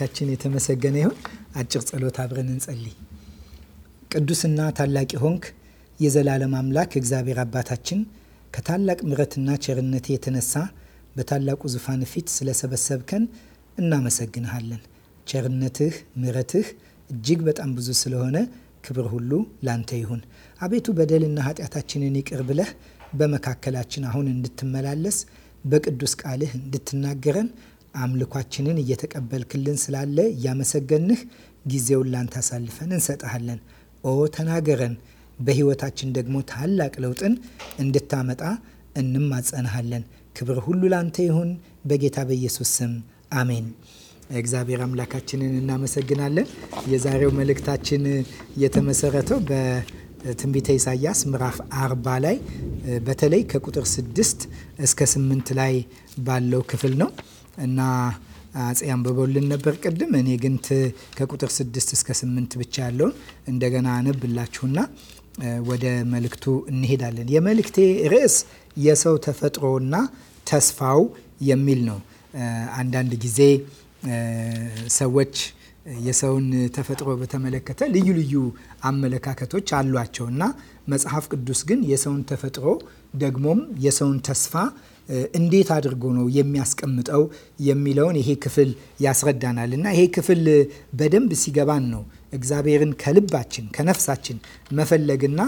ታችን የተመሰገነ ይሁን። አጭር ጸሎት አብረን እንጸልይ። ቅዱስና ታላቅ ሆንክ የዘላለም አምላክ እግዚአብሔር አባታችን ከታላቅ ምረትና ቸርነት የተነሳ በታላቁ ዙፋን ፊት ስለሰበሰብከን እናመሰግንሃለን። ቸርነትህ፣ ምረትህ እጅግ በጣም ብዙ ስለሆነ ክብር ሁሉ ላንተ ይሁን። አቤቱ በደልና ኃጢአታችንን ይቅር ብለህ በመካከላችን አሁን እንድትመላለስ በቅዱስ ቃልህ እንድትናገረን አምልኳችንን እየተቀበልክልን ስላለ እያመሰገንህ ጊዜውን ላንተ አሳልፈን እንሰጥሃለን። ኦ ተናገረን፣ በህይወታችን ደግሞ ታላቅ ለውጥን እንድታመጣ እንማጸንሃለን። ክብር ሁሉ ላንተ ይሁን፣ በጌታ በኢየሱስ ስም አሜን። እግዚአብሔር አምላካችንን እናመሰግናለን። የዛሬው መልእክታችን የተመሰረተው በትንቢተ ኢሳያስ ምዕራፍ አርባ ላይ በተለይ ከቁጥር ስድስት እስከ ስምንት ላይ ባለው ክፍል ነው። እና አጼ አንብበውልን ነበር ቅድም። እኔ ግን ከቁጥር 6 እስከ 8 ብቻ ያለውን እንደገና አነብላችሁና ወደ መልእክቱ እንሄዳለን። የመልእክቴ ርዕስ የሰው ተፈጥሮና ተስፋው የሚል ነው። አንዳንድ ጊዜ ሰዎች የሰውን ተፈጥሮ በተመለከተ ልዩ ልዩ አመለካከቶች አሏቸው እና መጽሐፍ ቅዱስ ግን የሰውን ተፈጥሮ ደግሞም የሰውን ተስፋ እንዴት አድርጎ ነው የሚያስቀምጠው የሚለውን ይሄ ክፍል ያስረዳናል። እና ይሄ ክፍል በደንብ ሲገባን ነው እግዚአብሔርን ከልባችን ከነፍሳችን መፈለግና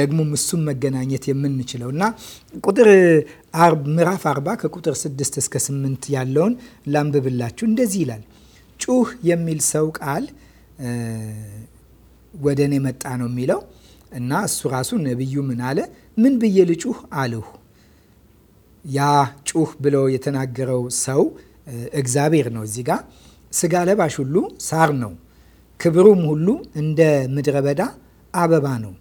ደግሞም እሱን መገናኘት የምንችለው እና ቁጥር ምዕራፍ አርባ ከቁጥር ስድስት እስከ ስምንት ያለውን ላንብብላችሁ። እንደዚህ ይላል ጩህ የሚል ሰው ቃል ወደ እኔ መጣ ነው የሚለው እና እሱ ራሱ ነቢዩ ምን አለ? ምን ብዬ ልጩህ አልሁ ያ ጩህ ብሎ የተናገረው ሰው እግዚአብሔር ነው። እዚህ ጋር ስጋ ለባሽ ሁሉ ሳር ነው፣ ክብሩም ሁሉ እንደ ምድረ በዳ አበባ ነው።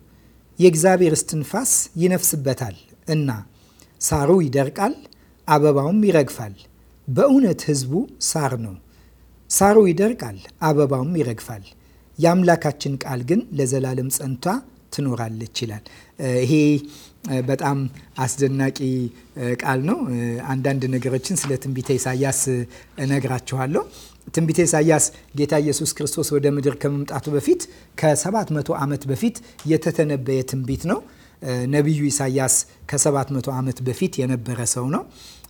የእግዚአብሔር እስትንፋስ ይነፍስበታል እና ሳሩ ይደርቃል፣ አበባውም ይረግፋል። በእውነት ሕዝቡ ሳር ነው። ሳሩ ይደርቃል፣ አበባውም ይረግፋል። የአምላካችን ቃል ግን ለዘላለም ጸንቷ ትኖራለች ይላል። ይሄ በጣም አስደናቂ ቃል ነው። አንዳንድ ነገሮችን ስለ ትንቢተ ኢሳያስ እነግራችኋለሁ። ትንቢተ ኢሳያስ ጌታ ኢየሱስ ክርስቶስ ወደ ምድር ከመምጣቱ በፊት ከ700 ዓመት በፊት የተተነበየ ትንቢት ነው። ነቢዩ ኢሳያስ ከ700 ዓመት በፊት የነበረ ሰው ነው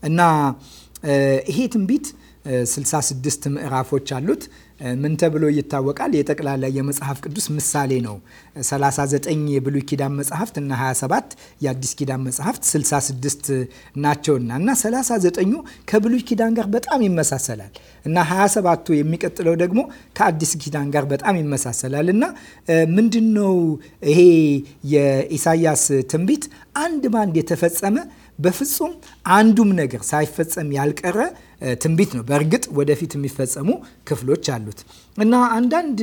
እና ይሄ ትንቢት 66 ምዕራፎች አሉት። ምን ተብሎ ይታወቃል? የጠቅላላ የመጽሐፍ ቅዱስ ምሳሌ ነው። 39 የብሉይ ኪዳን መጽሐፍት እና 27 የአዲስ ኪዳን መጽሐፍት 66 ናቸውና እና 39ኙ ከብሉይ ኪዳን ጋር በጣም ይመሳሰላል እና 27ቱ የሚቀጥለው ደግሞ ከአዲስ ኪዳን ጋር በጣም ይመሳሰላል እና ምንድን ነው ይሄ የኢሳያስ ትንቢት አንድ ባንድ የተፈጸመ በፍጹም አንዱም ነገር ሳይፈጸም ያልቀረ ትንቢት ነው። በእርግጥ ወደፊት የሚፈጸሙ ክፍሎች አሉት እና አንዳንድ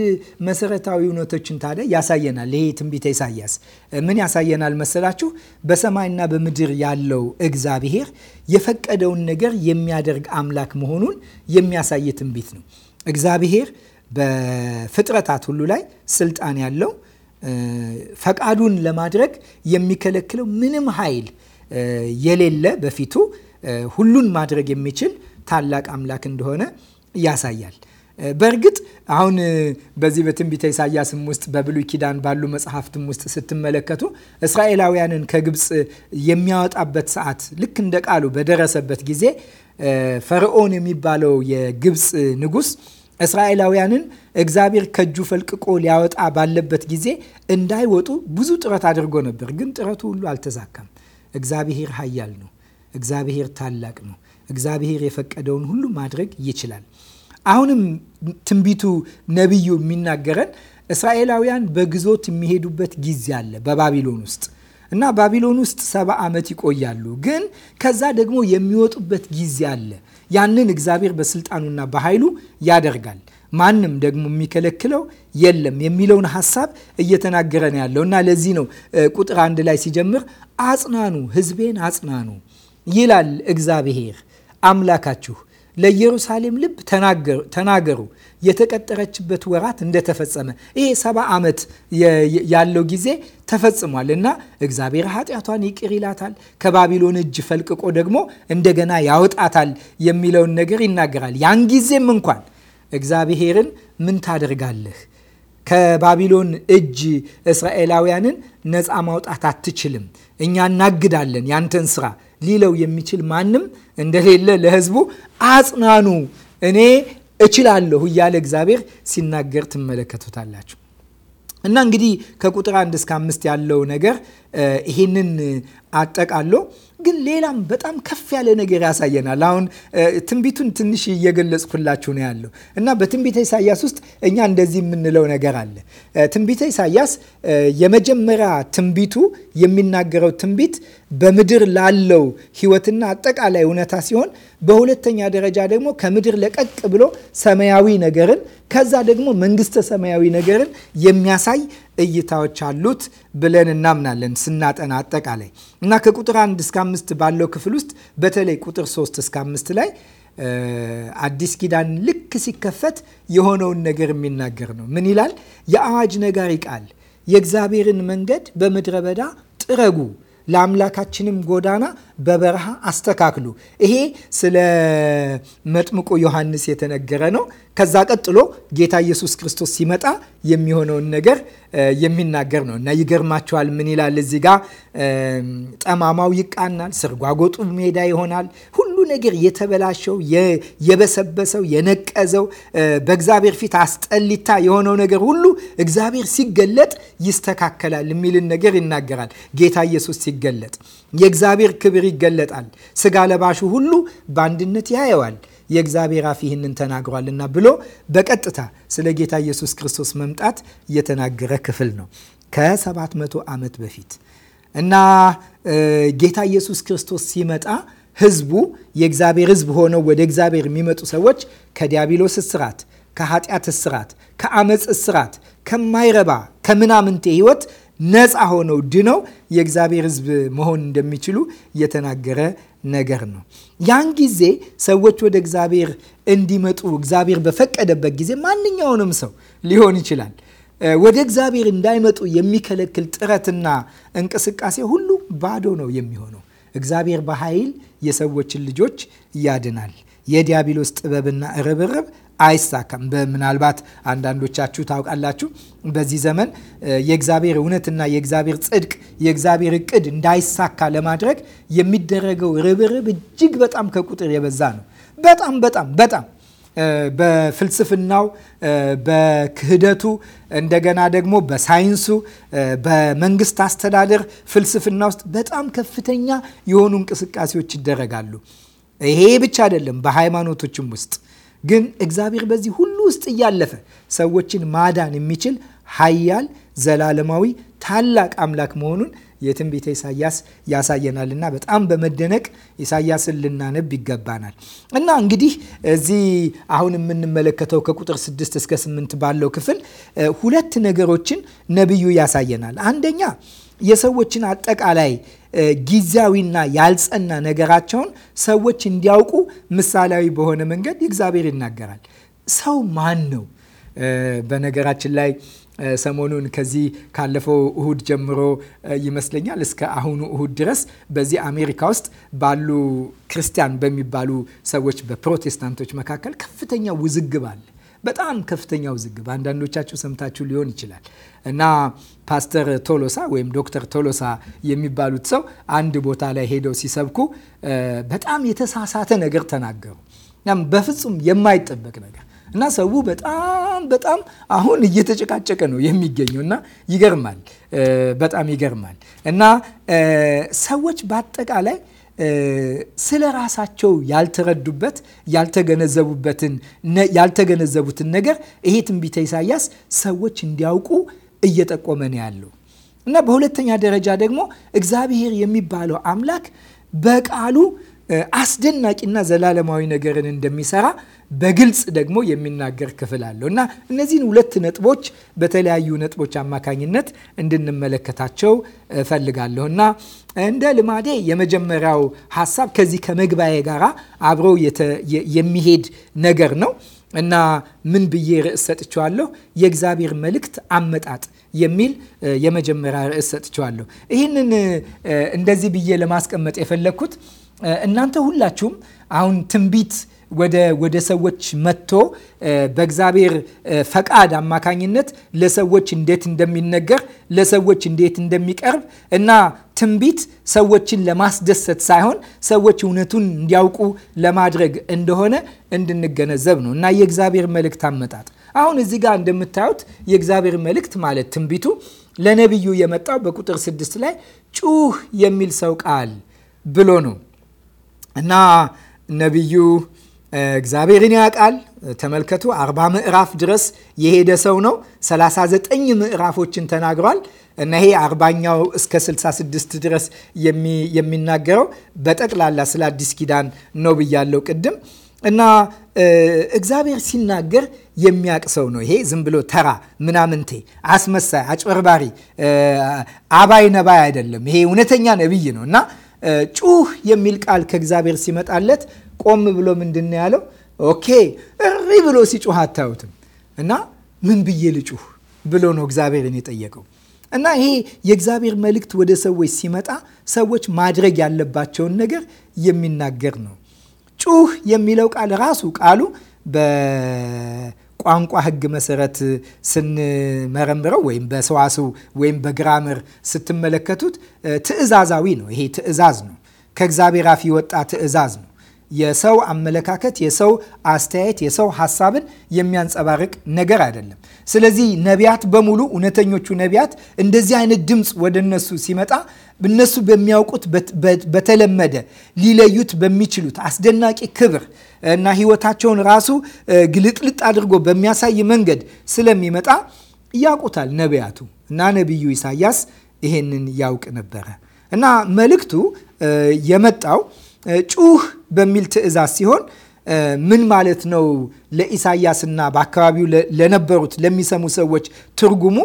መሰረታዊ እውነቶችን ታዲያ ያሳየናል። ይሄ ትንቢተ ኢሳያስ ምን ያሳየናል መሰላችሁ? በሰማይና በምድር ያለው እግዚአብሔር የፈቀደውን ነገር የሚያደርግ አምላክ መሆኑን የሚያሳይ ትንቢት ነው። እግዚአብሔር በፍጥረታት ሁሉ ላይ ስልጣን ያለው ፈቃዱን ለማድረግ የሚከለክለው ምንም ኃይል የሌለ በፊቱ ሁሉን ማድረግ የሚችል ታላቅ አምላክ እንደሆነ ያሳያል። በእርግጥ አሁን በዚህ በትንቢተ ኢሳያስም ውስጥ በብሉይ ኪዳን ባሉ መጽሐፍትም ውስጥ ስትመለከቱ እስራኤላውያንን ከግብፅ የሚያወጣበት ሰዓት ልክ እንደ ቃሉ በደረሰበት ጊዜ ፈርዖን የሚባለው የግብፅ ንጉስ እስራኤላውያንን እግዚአብሔር ከእጁ ፈልቅቆ ሊያወጣ ባለበት ጊዜ እንዳይወጡ ብዙ ጥረት አድርጎ ነበር። ግን ጥረቱ ሁሉ አልተሳካም። እግዚአብሔር ኃያል ነው። እግዚአብሔር ታላቅ ነው። እግዚአብሔር የፈቀደውን ሁሉ ማድረግ ይችላል። አሁንም ትንቢቱ ነቢዩ የሚናገረን እስራኤላውያን በግዞት የሚሄዱበት ጊዜ አለ በባቢሎን ውስጥ እና ባቢሎን ውስጥ ሰባ ዓመት ይቆያሉ። ግን ከዛ ደግሞ የሚወጡበት ጊዜ አለ። ያንን እግዚአብሔር በስልጣኑና በኃይሉ ያደርጋል። ማንም ደግሞ የሚከለክለው የለም የሚለውን ሀሳብ እየተናገረ ነው ያለው እና ለዚህ ነው ቁጥር አንድ ላይ ሲጀምር አጽናኑ፣ ህዝቤን አጽናኑ ይላል እግዚአብሔር አምላካችሁ ለኢየሩሳሌም ልብ ተናገሩ የተቀጠረችበት ወራት እንደተፈጸመ። ይሄ ሰባ ዓመት ያለው ጊዜ ተፈጽሟል እና እግዚአብሔር ኃጢአቷን ይቅር ይላታል፣ ከባቢሎን እጅ ፈልቅቆ ደግሞ እንደገና ያወጣታል የሚለውን ነገር ይናገራል። ያን ጊዜም እንኳን እግዚአብሔርን ምን ታደርጋለህ? ከባቢሎን እጅ እስራኤላውያንን ነፃ ማውጣት አትችልም። እኛ እናግዳለን ያንተን ስራ ሊለው የሚችል ማንም እንደሌለ ለህዝቡ አጽናኑ። እኔ እችላለሁ እያለ እግዚአብሔር ሲናገር ትመለከቱታላችሁ። እና እንግዲህ ከቁጥር አንድ እስከ አምስት ያለው ነገር ይሄንን አጠቃሎ ግን ሌላም በጣም ከፍ ያለ ነገር ያሳየናል። አሁን ትንቢቱን ትንሽ እየገለጽኩላችሁ ነው ያለው እና በትንቢተ ኢሳያስ ውስጥ እኛ እንደዚህ የምንለው ነገር አለ። ትንቢተ ኢሳያስ የመጀመሪያ ትንቢቱ የሚናገረው ትንቢት በምድር ላለው ሕይወትና አጠቃላይ እውነታ ሲሆን፣ በሁለተኛ ደረጃ ደግሞ ከምድር ለቀቅ ብሎ ሰማያዊ ነገርን ከዛ ደግሞ መንግስተ ሰማያዊ ነገርን የሚያሳይ እይታዎች አሉት ብለን እናምናለን ስናጠና አጠቃላይ እና ከቁጥር 1 እስከ አምስት ባለው ክፍል ውስጥ በተለይ ቁጥር 3 እስከ አምስት ላይ አዲስ ኪዳን ልክ ሲከፈት የሆነውን ነገር የሚናገር ነው። ምን ይላል? የአዋጅ ነጋሪ ቃል የእግዚአብሔርን መንገድ በምድረ በዳ ጥረጉ፣ ለአምላካችንም ጎዳና በበረሃ አስተካክሉ። ይሄ ስለ መጥምቁ ዮሐንስ የተነገረ ነው። ከዛ ቀጥሎ ጌታ ኢየሱስ ክርስቶስ ሲመጣ የሚሆነውን ነገር የሚናገር ነው እና ይገርማቸዋል። ምን ይላል እዚህ ጋ ጠማማው ይቃናል፣ ስርጓጎጡ ሜዳ ይሆናል። ሁሉ ነገር የተበላሸው፣ የበሰበሰው፣ የነቀዘው በእግዚአብሔር ፊት አስጠሊታ የሆነው ነገር ሁሉ እግዚአብሔር ሲገለጥ ይስተካከላል የሚልን ነገር ይናገራል ጌታ ኢየሱስ ሲገለጥ የእግዚአብሔር ክብር ይገለጣል፣ ስጋ ለባሹ ሁሉ በአንድነት ያየዋል፣ የእግዚአብሔር አፍ ይህንን ተናግሯልና ብሎ በቀጥታ ስለ ጌታ ኢየሱስ ክርስቶስ መምጣት የተናገረ ክፍል ነው ከ700 ዓመት በፊት እና ጌታ ኢየሱስ ክርስቶስ ሲመጣ ህዝቡ የእግዚአብሔር ህዝብ ሆነው ወደ እግዚአብሔር የሚመጡ ሰዎች ከዲያብሎስ እስራት፣ ከኃጢአት እስራት፣ ከአመፅ እስራት፣ ከማይረባ ከምናምንቴ ህይወት ነፃ ሆነው ድነው የእግዚአብሔር ሕዝብ መሆን እንደሚችሉ የተናገረ ነገር ነው። ያን ጊዜ ሰዎች ወደ እግዚአብሔር እንዲመጡ እግዚአብሔር በፈቀደበት ጊዜ ማንኛውንም ሰው ሊሆን ይችላል ወደ እግዚአብሔር እንዳይመጡ የሚከለክል ጥረትና እንቅስቃሴ ሁሉ ባዶ ነው የሚሆነው። እግዚአብሔር በኃይል የሰዎችን ልጆች ያድናል። የዲያብሎስ ጥበብና ርብርብ አይሳካም። ምናልባት አንዳንዶቻችሁ ታውቃላችሁ። በዚህ ዘመን የእግዚአብሔር እውነትና የእግዚአብሔር ጽድቅ፣ የእግዚአብሔር እቅድ እንዳይሳካ ለማድረግ የሚደረገው ርብርብ እጅግ በጣም ከቁጥር የበዛ ነው። በጣም በጣም በጣም በፍልስፍናው በክህደቱ እንደገና ደግሞ በሳይንሱ በመንግስት አስተዳደር ፍልስፍና ውስጥ በጣም ከፍተኛ የሆኑ እንቅስቃሴዎች ይደረጋሉ። ይሄ ብቻ አይደለም፣ በሃይማኖቶችም ውስጥ ግን እግዚአብሔር በዚህ ሁሉ ውስጥ እያለፈ ሰዎችን ማዳን የሚችል ኃያል ዘላለማዊ ታላቅ አምላክ መሆኑን የትንቢተ ኢሳያስ ያሳየናልና በጣም በመደነቅ ኢሳያስን ልናነብ ይገባናል። እና እንግዲህ እዚህ አሁን የምንመለከተው ከቁጥር 6 እስከ 8 ባለው ክፍል ሁለት ነገሮችን ነቢዩ ያሳየናል። አንደኛ የሰዎችን አጠቃላይ ጊዜያዊና ያልጸና ነገራቸውን ሰዎች እንዲያውቁ ምሳሌያዊ በሆነ መንገድ እግዚአብሔር ይናገራል። ሰው ማን ነው? በነገራችን ላይ ሰሞኑን ከዚህ ካለፈው እሁድ ጀምሮ ይመስለኛል እስከ አሁኑ እሁድ ድረስ በዚህ አሜሪካ ውስጥ ባሉ ክርስቲያን በሚባሉ ሰዎች በፕሮቴስታንቶች መካከል ከፍተኛ ውዝግብ አለ። በጣም ከፍተኛ ውዝግብ አንዳንዶቻችሁ ሰምታችሁ ሊሆን ይችላል እና ፓስተር ቶሎሳ ወይም ዶክተር ቶሎሳ የሚባሉት ሰው አንድ ቦታ ላይ ሄደው ሲሰብኩ በጣም የተሳሳተ ነገር ተናገሩ። በፍጹም የማይጠበቅ ነገር እና ሰው በጣም በጣም አሁን እየተጨቃጨቀ ነው የሚገኘው። እና ይገርማል፣ በጣም ይገርማል። እና ሰዎች በአጠቃላይ ስለ ራሳቸው ያልተረዱበት ያልተገነዘቡበትን ያልተገነዘቡትን ነገር ይሄ ትንቢተ ኢሳያስ ሰዎች እንዲያውቁ እየጠቆመን ያለው እና በሁለተኛ ደረጃ ደግሞ እግዚአብሔር የሚባለው አምላክ በቃሉ አስደናቂና ዘላለማዊ ነገርን እንደሚሰራ በግልጽ ደግሞ የሚናገር ክፍል አለው እና እነዚህን ሁለት ነጥቦች በተለያዩ ነጥቦች አማካኝነት እንድንመለከታቸው እፈልጋለሁ እና እንደ ልማዴ የመጀመሪያው ሀሳብ ከዚህ ከመግባዬ ጋር አብሮ የሚሄድ ነገር ነው እና ምን ብዬ ርዕስ ሰጥቼዋለሁ? የእግዚአብሔር መልእክት አመጣጥ የሚል የመጀመሪያ ርዕስ ሰጥቼዋለሁ። ይህንን እንደዚህ ብዬ ለማስቀመጥ የፈለግኩት እናንተ ሁላችሁም አሁን ትንቢት ወደ ሰዎች መጥቶ በእግዚአብሔር ፈቃድ አማካኝነት ለሰዎች እንዴት እንደሚነገር ለሰዎች እንዴት እንደሚቀርብ እና ትንቢት ሰዎችን ለማስደሰት ሳይሆን ሰዎች እውነቱን እንዲያውቁ ለማድረግ እንደሆነ እንድንገነዘብ ነው እና የእግዚአብሔር መልእክት አመጣጥ አሁን እዚህ ጋር እንደምታዩት የእግዚአብሔር መልእክት ማለት ትንቢቱ ለነቢዩ የመጣው በቁጥር ስድስት ላይ ጩህ የሚል ሰው ቃል ብሎ ነው እና ነቢዩ እግዚአብሔርን ያውቃል። ተመልከቱ፣ አርባ ምዕራፍ ድረስ የሄደ ሰው ነው። 39 ምዕራፎችን ተናግሯል እና ይሄ አርባኛው እስከ 66 ድረስ የሚናገረው በጠቅላላ ስለ አዲስ ኪዳን ነው ብያለው ቅድም እና እግዚአብሔር ሲናገር የሚያውቅ ሰው ነው። ይሄ ዝም ብሎ ተራ ምናምንቴ፣ አስመሳይ፣ አጭበርባሪ፣ አባይ ነባይ አይደለም። ይሄ እውነተኛ ነቢይ ነው እና ጩህ የሚል ቃል ከእግዚአብሔር ሲመጣለት ቆም ብሎ ምንድን ነው ያለው? ኦኬ እሪ ብሎ ሲጩህ አታዩትም። እና ምን ብዬ ልጩህ ብሎ ነው እግዚአብሔርን የጠየቀው። እና ይሄ የእግዚአብሔር መልእክት ወደ ሰዎች ሲመጣ ሰዎች ማድረግ ያለባቸውን ነገር የሚናገር ነው። ጩህ የሚለው ቃል ራሱ ቃሉ ቋንቋ ህግ መሰረት ስንመረምረው ወይም በሰዋስው ወይም በግራምር ስትመለከቱት ትዕዛዛዊ ነው። ይሄ ትዕዛዝ ነው። ከእግዚአብሔር አፍ የወጣ ትዕዛዝ ነው። የሰው አመለካከት፣ የሰው አስተያየት፣ የሰው ሀሳብን የሚያንጸባርቅ ነገር አይደለም። ስለዚህ ነቢያት በሙሉ እውነተኞቹ ነቢያት እንደዚህ አይነት ድምፅ ወደ እነሱ ሲመጣ እነሱ በሚያውቁት በተለመደ ሊለዩት በሚችሉት አስደናቂ ክብር እና ህይወታቸውን ራሱ ግልጥልጥ አድርጎ በሚያሳይ መንገድ ስለሚመጣ ያውቁታል ነቢያቱ እና ነቢዩ ኢሳያስ ይሄንን ያውቅ ነበረ እና መልእክቱ የመጣው ጩህ በሚል ትእዛዝ ሲሆን ምን ማለት ነው? ለኢሳያስና በአካባቢው ለነበሩት ለሚሰሙ ሰዎች ትርጉሙ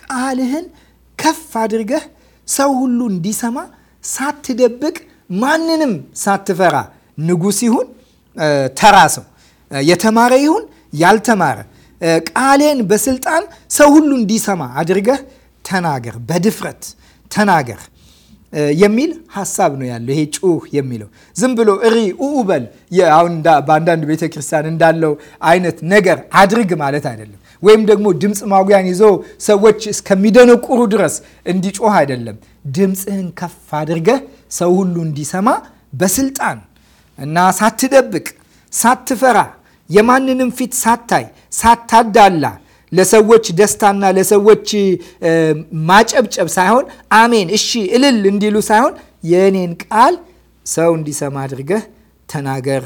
ቃልህን ከፍ አድርገህ ሰው ሁሉ እንዲሰማ ሳትደብቅ፣ ማንንም ሳትፈራ ንጉሥ ይሁን ተራ ሰው የተማረ ይሁን ያልተማረ ቃሌን በስልጣን ሰው ሁሉ እንዲሰማ አድርገህ ተናገር፣ በድፍረት ተናገር የሚል ሀሳብ ነው ያለው። ይሄ ጩህ የሚለው ዝም ብሎ እሪ ኡኡበል አሁን በአንዳንድ ቤተ ክርስቲያን እንዳለው አይነት ነገር አድርግ ማለት አይደለም። ወይም ደግሞ ድምፅ ማጉያን ይዞ ሰዎች እስከሚደነቁሩ ድረስ እንዲጮህ አይደለም። ድምፅህን ከፍ አድርገህ ሰው ሁሉ እንዲሰማ በስልጣን እና ሳትደብቅ፣ ሳትፈራ፣ የማንንም ፊት ሳታይ፣ ሳታዳላ ለሰዎች ደስታና ለሰዎች ማጨብጨብ ሳይሆን አሜን እሺ እልል እንዲሉ ሳይሆን የእኔን ቃል ሰው እንዲሰማ አድርገህ ተናገር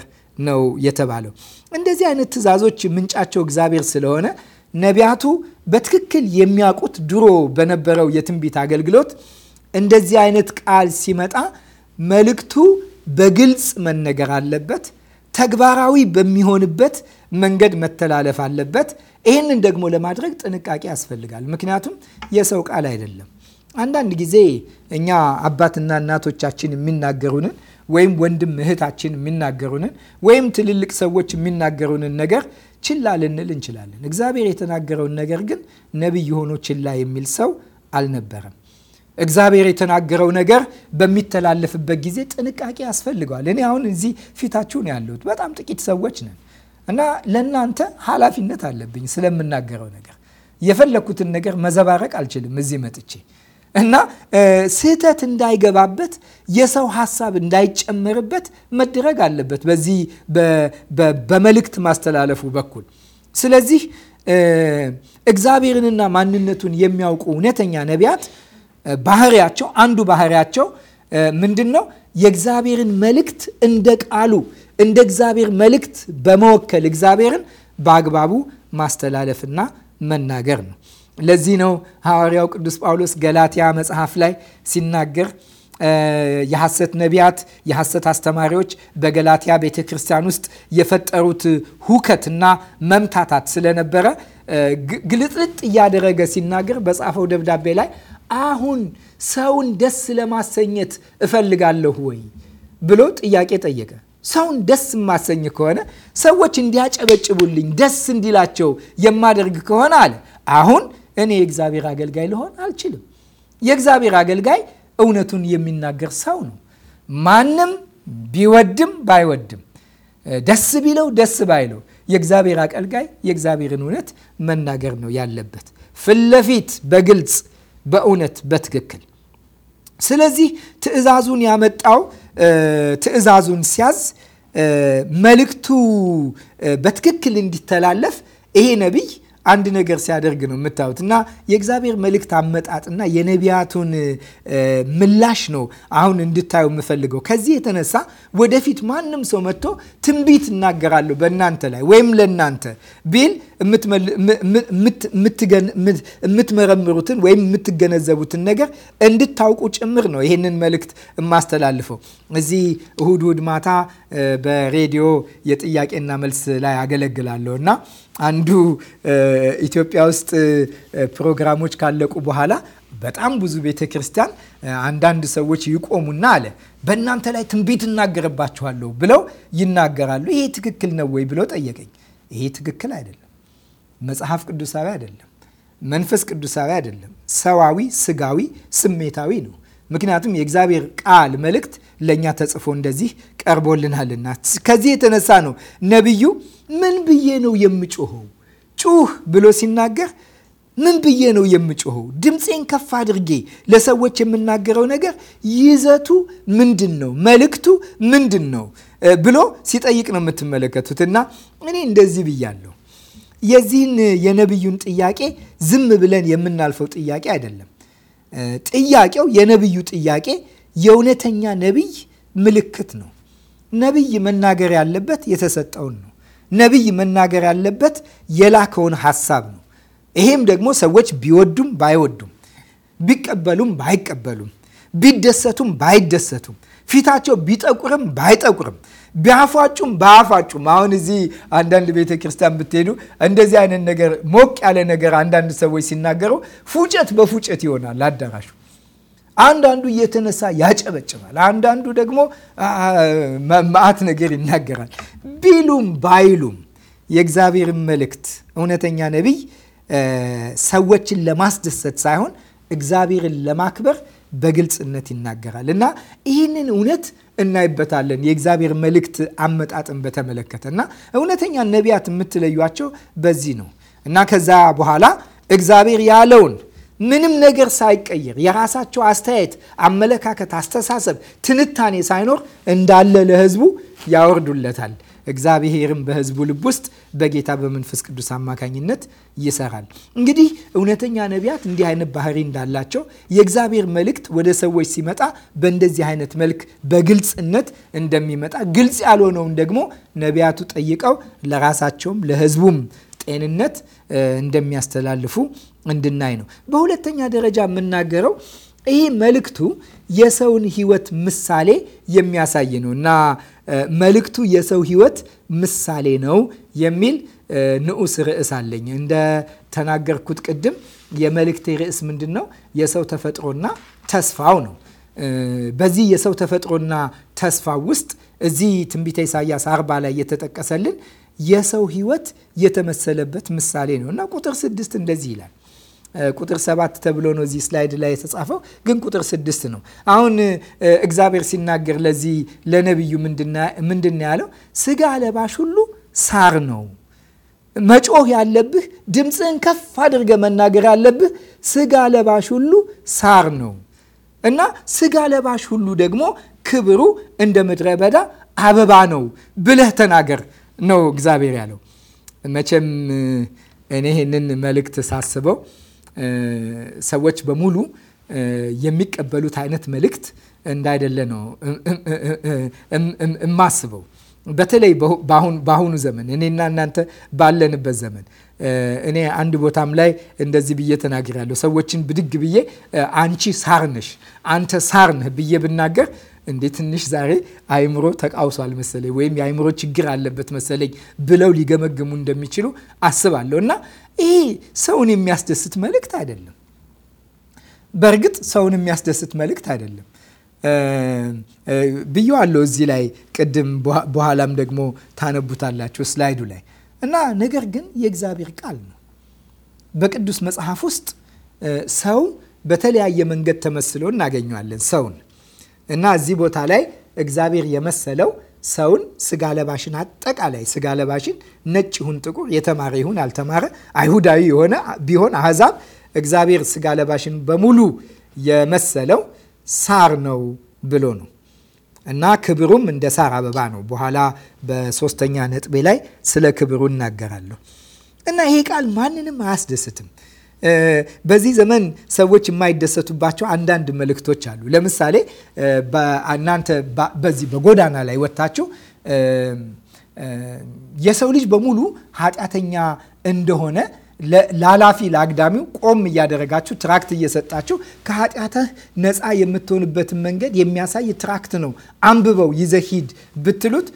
ነው የተባለው። እንደዚህ አይነት ትእዛዞች ምንጫቸው እግዚአብሔር ስለሆነ ነቢያቱ በትክክል የሚያውቁት ድሮ በነበረው የትንቢት አገልግሎት እንደዚህ አይነት ቃል ሲመጣ መልእክቱ በግልጽ መነገር አለበት። ተግባራዊ በሚሆንበት መንገድ መተላለፍ አለበት። ይህንን ደግሞ ለማድረግ ጥንቃቄ ያስፈልጋል። ምክንያቱም የሰው ቃል አይደለም። አንዳንድ ጊዜ እኛ አባትና እናቶቻችን የሚናገሩንን ወይም ወንድም እህታችን የሚናገሩንን ወይም ትልልቅ ሰዎች የሚናገሩንን ነገር ችላ ልንል እንችላለን። እግዚአብሔር የተናገረውን ነገር ግን ነቢይ ሆኖ ችላ የሚል ሰው አልነበረም። እግዚአብሔር የተናገረው ነገር በሚተላለፍበት ጊዜ ጥንቃቄ ያስፈልገዋል። እኔ አሁን እዚህ ፊታችሁ ነው ያለሁት። በጣም ጥቂት ሰዎች ነን እና ለእናንተ ኃላፊነት አለብኝ ስለምናገረው ነገር። የፈለግኩትን ነገር መዘባረቅ አልችልም እዚህ መጥቼ እና ስህተት እንዳይገባበት የሰው ሀሳብ እንዳይጨመርበት መደረግ አለበት በዚህ በመልእክት ማስተላለፉ በኩል ስለዚህ እግዚአብሔርንና ማንነቱን የሚያውቁ እውነተኛ ነቢያት ባህሪያቸው አንዱ ባህሪያቸው ምንድን ነው? የእግዚአብሔርን መልእክት እንደ ቃሉ እንደ እግዚአብሔር መልእክት በመወከል እግዚአብሔርን በአግባቡ ማስተላለፍና መናገር ነው። ለዚህ ነው ሐዋርያው ቅዱስ ጳውሎስ ገላትያ መጽሐፍ ላይ ሲናገር የሐሰት ነቢያት፣ የሐሰት አስተማሪዎች በገላትያ ቤተ ክርስቲያን ውስጥ የፈጠሩት ሁከትና መምታታት ስለነበረ ግልጥልጥ እያደረገ ሲናገር በጻፈው ደብዳቤ ላይ አሁን ሰውን ደስ ለማሰኘት እፈልጋለሁ ወይ ብሎ ጥያቄ ጠየቀ። ሰውን ደስ የማሰኝ ከሆነ ሰዎች እንዲያጨበጭቡልኝ ደስ እንዲላቸው የማደርግ ከሆነ አለ አሁን እኔ የእግዚአብሔር አገልጋይ ልሆን አልችልም። የእግዚአብሔር አገልጋይ እውነቱን የሚናገር ሰው ነው። ማንም ቢወድም ባይወድም ደስ ቢለው ደስ ባይለው የእግዚአብሔር አገልጋይ የእግዚአብሔርን እውነት መናገር ነው ያለበት ፊት ለፊት በግልጽ በእውነት በትክክል ስለዚህ ትእዛዙን ያመጣው ትእዛዙን ሲያዝ መልእክቱ በትክክል እንዲተላለፍ ይሄ ነቢይ አንድ ነገር ሲያደርግ ነው የምታዩት። እና የእግዚአብሔር መልእክት አመጣጥና የነቢያቱን ምላሽ ነው አሁን እንድታዩ የምፈልገው። ከዚህ የተነሳ ወደፊት ማንም ሰው መጥቶ ትንቢት እናገራለሁ በእናንተ ላይ ወይም ለእናንተ ቢል የምትመረምሩትን ወይም የምትገነዘቡትን ነገር እንድታውቁ ጭምር ነው ይህንን መልእክት የማስተላልፈው። እዚህ እሁድ እሁድ ማታ በሬዲዮ የጥያቄና መልስ ላይ አገለግላለሁ እና አንዱ ኢትዮጵያ ውስጥ ፕሮግራሞች ካለቁ በኋላ በጣም ብዙ ቤተ ክርስቲያን አንዳንድ ሰዎች ይቆሙና አለ በእናንተ ላይ ትንቢት እናገርባችኋለሁ ብለው ይናገራሉ። ይሄ ትክክል ነው ወይ ብለው ጠየቀኝ። ይሄ ትክክል አይደለም፣ መጽሐፍ ቅዱሳዊ አይደለም፣ መንፈስ ቅዱሳዊ አይደለም፣ ሰዋዊ፣ ስጋዊ፣ ስሜታዊ ነው። ምክንያቱም የእግዚአብሔር ቃል መልእክት ለእኛ ተጽፎ እንደዚህ ቀርቦልናልና ከዚህ የተነሳ ነው ነቢዩ ምን ብዬ ነው የምጮኸው ጩህ ብሎ ሲናገር ምን ብዬ ነው የምጮኸው? ድምፄን ከፍ አድርጌ ለሰዎች የምናገረው ነገር ይዘቱ ምንድን ነው? መልእክቱ ምንድን ነው ብሎ ሲጠይቅ ነው የምትመለከቱት። እና እኔ እንደዚህ ብያለሁ። የዚህን የነቢዩን ጥያቄ ዝም ብለን የምናልፈው ጥያቄ አይደለም። ጥያቄው የነቢዩ ጥያቄ የእውነተኛ ነቢይ ምልክት ነው። ነቢይ መናገር ያለበት የተሰጠውን ነው። ነቢይ መናገር ያለበት የላከውን ሀሳብ ነው። ይሄም ደግሞ ሰዎች ቢወዱም ባይወዱም ቢቀበሉም ባይቀበሉም ቢደሰቱም ባይደሰቱም ፊታቸው ቢጠቁርም ባይጠቁርም ቢያፏጩም ባያፏጩም። አሁን እዚህ አንዳንድ ቤተ ክርስቲያን ብትሄዱ እንደዚህ አይነት ነገር ሞቅ ያለ ነገር አንዳንድ ሰዎች ሲናገሩ ፉጨት በፉጨት ይሆናል አዳራሹ። አንዳንዱ እየተነሳ ያጨበጭባል፣ አንዳንዱ ደግሞ መዓት ነገር ይናገራል። ቢሉም ባይሉም የእግዚአብሔር መልእክት እውነተኛ ነቢይ ሰዎችን ለማስደሰት ሳይሆን እግዚአብሔርን ለማክበር በግልጽነት ይናገራል እና ይህንን እውነት እናይበታለን። የእግዚአብሔር መልእክት አመጣጥን በተመለከተ እና እውነተኛ ነቢያት የምትለዩቸው በዚህ ነው እና ከዛ በኋላ እግዚአብሔር ያለውን ምንም ነገር ሳይቀየር የራሳቸው አስተያየት፣ አመለካከት፣ አስተሳሰብ፣ ትንታኔ ሳይኖር እንዳለ ለህዝቡ ያወርዱለታል። እግዚአብሔርም በህዝቡ ልብ ውስጥ በጌታ በመንፈስ ቅዱስ አማካኝነት ይሰራል። እንግዲህ እውነተኛ ነቢያት እንዲህ አይነት ባህሪ እንዳላቸው የእግዚአብሔር መልእክት ወደ ሰዎች ሲመጣ በእንደዚህ አይነት መልክ በግልጽነት እንደሚመጣ ግልጽ ያልሆነውን ደግሞ ነቢያቱ ጠይቀው ለራሳቸውም ለህዝቡም ጤንነት እንደሚያስተላልፉ እንድናይ ነው። በሁለተኛ ደረጃ የምናገረው ይህ መልእክቱ የሰውን ህይወት ምሳሌ የሚያሳይ ነው እና መልእክቱ የሰው ህይወት ምሳሌ ነው የሚል ንዑስ ርዕስ አለኝ። እንደተናገርኩት ቅድም የመልእክቴ ርዕስ ምንድን ነው? የሰው ተፈጥሮና ተስፋው ነው። በዚህ የሰው ተፈጥሮና ተስፋ ውስጥ እዚህ ትንቢተ ኢሳያስ አርባ ላይ የተጠቀሰልን የሰው ህይወት የተመሰለበት ምሳሌ ነው እና ቁጥር ስድስት እንደዚህ ይላል ቁጥር ሰባት ተብሎ ነው እዚህ ስላይድ ላይ የተጻፈው፣ ግን ቁጥር ስድስት ነው። አሁን እግዚአብሔር ሲናገር ለዚህ ለነቢዩ ምንድን ያለው? ስጋ ለባሽ ሁሉ ሳር ነው። መጮህ ያለብህ ድምፅህን ከፍ አድርገ መናገር ያለብህ ስጋ ለባሽ ሁሉ ሳር ነው እና ስጋ ለባሽ ሁሉ ደግሞ ክብሩ እንደ ምድረ በዳ አበባ ነው ብለህ ተናገር ነው እግዚአብሔር ያለው። መቼም እኔ ይህንን መልእክት ሳስበው ሰዎች በሙሉ የሚቀበሉት አይነት መልእክት እንዳይደለ ነው እማስበው። በተለይ በአሁኑ ዘመን እኔና እናንተ ባለንበት ዘመን እኔ አንድ ቦታም ላይ እንደዚህ ብዬ ተናግሬያለሁ። ሰዎችን ብድግ ብዬ አንቺ ሳር ነሽ፣ አንተ ሳር ነህ ብዬ ብናገር እንዴ ትንሽ ዛሬ አይምሮ ተቃውሷል መሰለኝ ወይም የአይምሮ ችግር አለበት መሰለኝ ብለው ሊገመግሙ እንደሚችሉ አስባለሁ እና ይሄ ሰውን የሚያስደስት መልእክት አይደለም። በእርግጥ ሰውን የሚያስደስት መልእክት አይደለም አለው እዚህ ላይ ቅድም በኋላም ደግሞ ታነቡታላችሁ ስላይዱ ላይ እና ነገር ግን የእግዚአብሔር ቃል ነው። በቅዱስ መጽሐፍ ውስጥ ሰው በተለያየ መንገድ ተመስሎ እናገኘዋለን ሰውን እና እዚህ ቦታ ላይ እግዚአብሔር የመሰለው ሰውን ስጋ ለባሽን አጠቃላይ ስጋ ለባሽን ነጭ ይሁን ጥቁር፣ የተማረ ይሁን ያልተማረ፣ አይሁዳዊ የሆነ ቢሆን አህዛብ እግዚአብሔር ስጋ ለባሽን በሙሉ የመሰለው ሳር ነው ብሎ ነው እና ክብሩም እንደ ሳር አበባ ነው። በኋላ በሶስተኛ ነጥቤ ላይ ስለ ክብሩ እናገራለሁ እና ይሄ ቃል ማንንም አያስደስትም። በዚህ ዘመን ሰዎች የማይደሰቱባቸው አንዳንድ መልእክቶች አሉ። ለምሳሌ እናንተ በዚህ በጎዳና ላይ ወጥታችሁ የሰው ልጅ በሙሉ ኃጢአተኛ እንደሆነ ላላፊ ለአግዳሚው ቆም እያደረጋችሁ ትራክት እየሰጣችሁ ከኃጢአትህ ነፃ የምትሆንበትን መንገድ የሚያሳይ ትራክት ነው፣ አንብበው ይዘህ ሂድ ብትሉት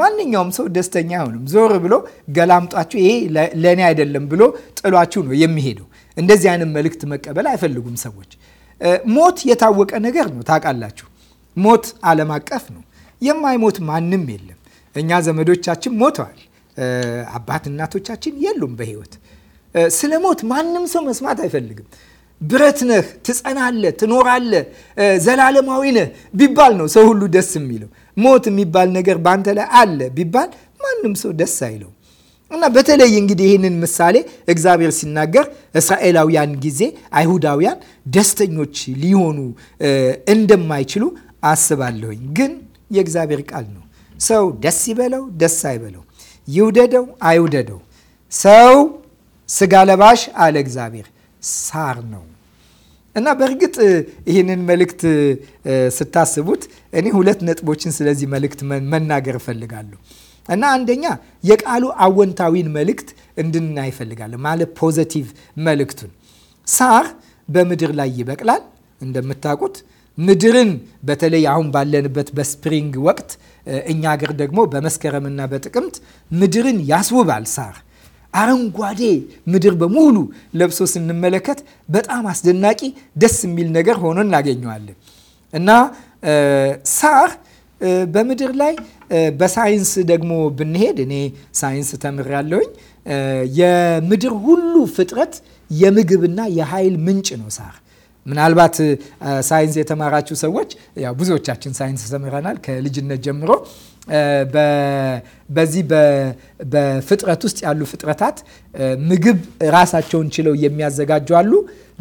ማንኛውም ሰው ደስተኛ አይሆንም። ዞር ብሎ ገላምጧችሁ ይሄ ለእኔ አይደለም ብሎ ጥሏችሁ ነው የሚሄደው። እንደዚህ አይነት መልእክት መቀበል አይፈልጉም ሰዎች። ሞት የታወቀ ነገር ነው። ታውቃላችሁ፣ ሞት ዓለም አቀፍ ነው። የማይሞት ማንም የለም። እኛ ዘመዶቻችን ሞተዋል። አባት እናቶቻችን የሉም በህይወት ስለ ሞት ማንም ሰው መስማት አይፈልግም። ብረት ነህ፣ ትጸናለህ፣ ትኖራለህ፣ ዘላለማዊ ነህ ቢባል ነው ሰው ሁሉ ደስ የሚለው። ሞት የሚባል ነገር በአንተ ላይ አለ ቢባል ማንም ሰው ደስ አይለው እና በተለይ እንግዲህ ይህንን ምሳሌ እግዚአብሔር ሲናገር እስራኤላውያን ጊዜ አይሁዳውያን ደስተኞች ሊሆኑ እንደማይችሉ አስባለሁኝ። ግን የእግዚአብሔር ቃል ነው። ሰው ደስ ይበለው ደስ አይበለው፣ ይውደደው አይውደደው፣ ሰው ስጋ ለባሽ አለ እግዚአብሔር ሳር ነው። እና በእርግጥ ይህንን መልእክት ስታስቡት እኔ ሁለት ነጥቦችን ስለዚህ መልእክት መናገር እፈልጋለሁ። እና አንደኛ የቃሉ አወንታዊን መልእክት እንድናይ እፈልጋለሁ፣ ማለት ፖዘቲቭ መልእክቱን። ሳር በምድር ላይ ይበቅላል እንደምታውቁት ምድርን በተለይ አሁን ባለንበት በስፕሪንግ ወቅት እኛ አገር ደግሞ በመስከረምና በጥቅምት ምድርን ያስውባል ሳር አረንጓዴ ምድር በሙሉ ለብሶ ስንመለከት በጣም አስደናቂ ደስ የሚል ነገር ሆኖ እናገኘዋለን እና ሳር በምድር ላይ በሳይንስ ደግሞ ብንሄድ እኔ ሳይንስ ተምሬያለሁኝ። የምድር ሁሉ ፍጥረት የምግብና የኃይል ምንጭ ነው ሳር። ምናልባት ሳይንስ የተማራችሁ ሰዎች ያው ብዙዎቻችን ሳይንስ ተምረናል ከልጅነት ጀምሮ በዚህ በፍጥረት ውስጥ ያሉ ፍጥረታት ምግብ ራሳቸውን ችለው የሚያዘጋጁ አሉ።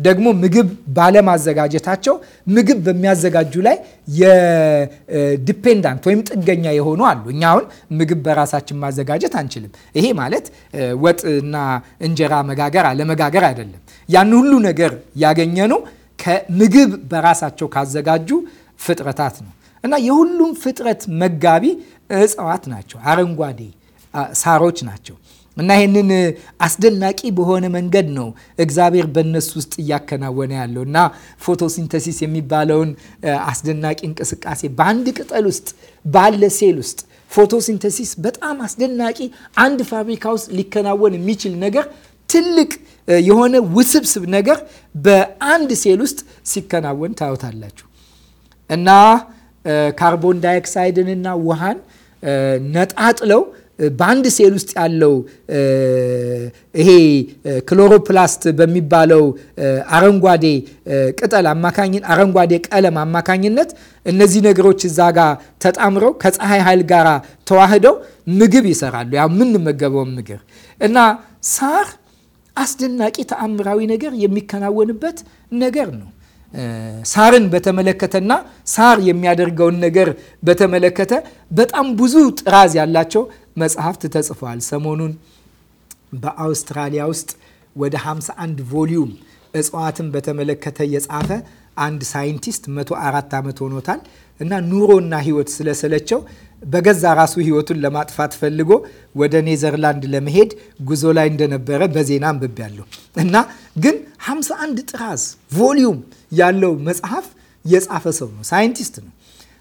ደግሞ ምግብ ባለማዘጋጀታቸው ምግብ በሚያዘጋጁ ላይ የዲፔንዳንት ወይም ጥገኛ የሆኑ አሉ። እኛ አሁን ምግብ በራሳችን ማዘጋጀት አንችልም። ይሄ ማለት ወጥና እንጀራ መጋገር አለመጋገር አይደለም። ያን ሁሉ ነገር ነው ከምግብ በራሳቸው ካዘጋጁ ፍጥረታት ነው እና የሁሉም ፍጥረት መጋቢ እጽዋት ናቸው፣ አረንጓዴ ሳሮች ናቸው። እና ይህንን አስደናቂ በሆነ መንገድ ነው እግዚአብሔር በእነሱ ውስጥ እያከናወነ ያለው እና ፎቶሲንተሲስ የሚባለውን አስደናቂ እንቅስቃሴ በአንድ ቅጠል ውስጥ ባለ ሴል ውስጥ ፎቶሲንተሲስ በጣም አስደናቂ አንድ ፋብሪካ ውስጥ ሊከናወን የሚችል ነገር ትልቅ የሆነ ውስብስብ ነገር በአንድ ሴል ውስጥ ሲከናወን ታዩታላችሁ እና ካርቦን ዳይኦክሳይድንና ውሃን ነጣጥለው በአንድ ሴል ውስጥ ያለው ይሄ ክሎሮፕላስት በሚባለው አረንጓዴ ቅጠል አረንጓዴ ቀለም አማካኝነት እነዚህ ነገሮች እዛ ጋር ተጣምረው ከፀሐይ ኃይል ጋር ተዋህደው ምግብ ይሰራሉ። ያው የምንመገበውን ምግብ እና ሳር አስደናቂ ተአምራዊ ነገር የሚከናወንበት ነገር ነው። ሳርን በተመለከተና ሳር የሚያደርገውን ነገር በተመለከተ በጣም ብዙ ጥራዝ ያላቸው መጽሐፍት ተጽፈዋል። ሰሞኑን በአውስትራሊያ ውስጥ ወደ 51 ቮሊዩም እጽዋትን በተመለከተ የጻፈ አንድ ሳይንቲስት 104 ዓመት ሆኖታል እና ኑሮና ሕይወት ስለሰለቸው በገዛ ራሱ ህይወቱን ለማጥፋት ፈልጎ ወደ ኔዘርላንድ ለመሄድ ጉዞ ላይ እንደነበረ በዜና አንብቤያለሁ እና ግን 51 ጥራዝ ቮሊዩም ያለው መጽሐፍ የጻፈ ሰው ነው። ሳይንቲስት ነው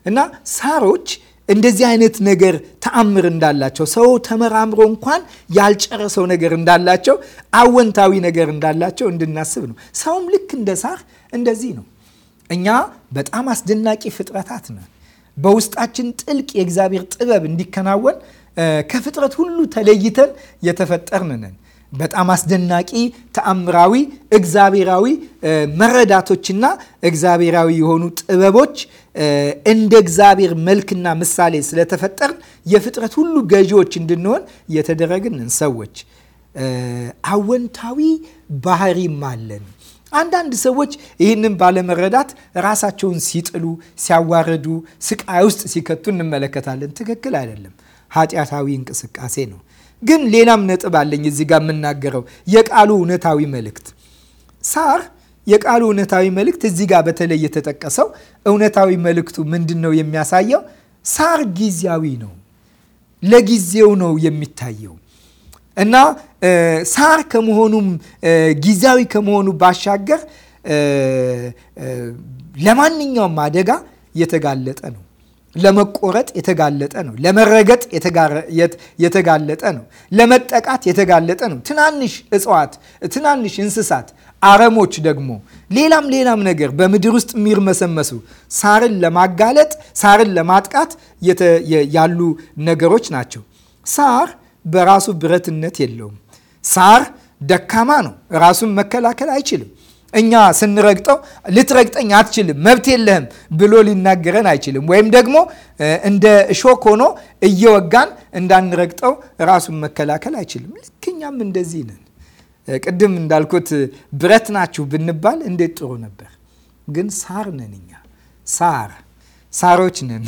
እና ሳሮች እንደዚህ አይነት ነገር ተአምር እንዳላቸው ሰው ተመራምሮ እንኳን ያልጨረሰው ነገር እንዳላቸው አወንታዊ ነገር እንዳላቸው እንድናስብ ነው። ሰውም ልክ እንደ ሳር እንደዚህ ነው። እኛ በጣም አስደናቂ ፍጥረታት ነን። በውስጣችን ጥልቅ የእግዚአብሔር ጥበብ እንዲከናወን ከፍጥረት ሁሉ ተለይተን የተፈጠርን ነን። በጣም አስደናቂ ተአምራዊ እግዚአብሔራዊ መረዳቶችና እግዚአብሔራዊ የሆኑ ጥበቦች እንደ እግዚአብሔር መልክና ምሳሌ ስለተፈጠርን የፍጥረት ሁሉ ገዢዎች እንድንሆን የተደረግንን ሰዎች አወንታዊ ባህሪም አለን። አንዳንድ ሰዎች ይህንን ባለመረዳት ራሳቸውን ሲጥሉ፣ ሲያዋረዱ፣ ስቃይ ውስጥ ሲከቱ እንመለከታለን። ትክክል አይደለም፣ ኃጢአታዊ እንቅስቃሴ ነው። ግን ሌላም ነጥብ አለኝ እዚህ ጋር የምናገረው የቃሉ እውነታዊ መልእክት ሳር የቃሉ እውነታዊ መልእክት እዚህ ጋር በተለይ የተጠቀሰው እውነታዊ መልእክቱ ምንድን ነው የሚያሳየው? ሳር ጊዜያዊ ነው። ለጊዜው ነው የሚታየው። እና ሳር ከመሆኑም ጊዜያዊ ከመሆኑ ባሻገር ለማንኛውም አደጋ የተጋለጠ ነው። ለመቆረጥ የተጋለጠ ነው። ለመረገጥ የተጋለጠ ነው። ለመጠቃት የተጋለጠ ነው። ትናንሽ እጽዋት፣ ትናንሽ እንስሳት፣ አረሞች ደግሞ ሌላም ሌላም ነገር በምድር ውስጥ የሚርመሰመሱ ሳርን ለማጋለጥ ሳርን ለማጥቃት ያሉ ነገሮች ናቸው። ሳር በራሱ ብረትነት የለውም። ሳር ደካማ ነው፣ ራሱን መከላከል አይችልም። እኛ ስንረግጠው ልትረግጠኝ አትችልም፣ መብት የለህም ብሎ ሊናገረን አይችልም። ወይም ደግሞ እንደ እሾክ ሆኖ እየወጋን እንዳንረግጠው ራሱን መከላከል አይችልም። ልክ እኛም እንደዚህ ነን። ቅድም እንዳልኩት ብረት ናችሁ ብንባል እንዴት ጥሩ ነበር። ግን ሳር ነን እኛ ሳር ሳሮች ነን።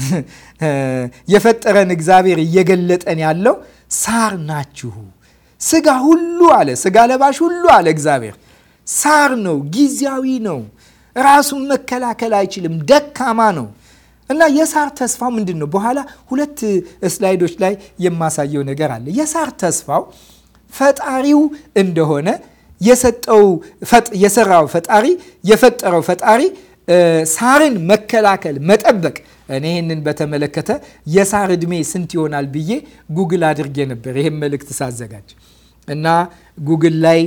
የፈጠረን እግዚአብሔር እየገለጠን ያለው ሳር ናችሁ። ስጋ ሁሉ አለ፣ ስጋ ለባሽ ሁሉ አለ እግዚአብሔር ሳር ነው፣ ጊዜያዊ ነው፣ ራሱን መከላከል አይችልም፣ ደካማ ነው። እና የሳር ተስፋው ምንድን ነው? በኋላ ሁለት ስላይዶች ላይ የማሳየው ነገር አለ። የሳር ተስፋው ፈጣሪው እንደሆነ የሰጠው የሰራው ፈጣሪ የፈጠረው ፈጣሪ ሳርን መከላከል መጠበቅ እኔ ይህንን በተመለከተ የሳር እድሜ ስንት ይሆናል ብዬ ጉግል አድርጌ ነበር ይህም መልእክት ሳዘጋጅ እና ጉግል ላይ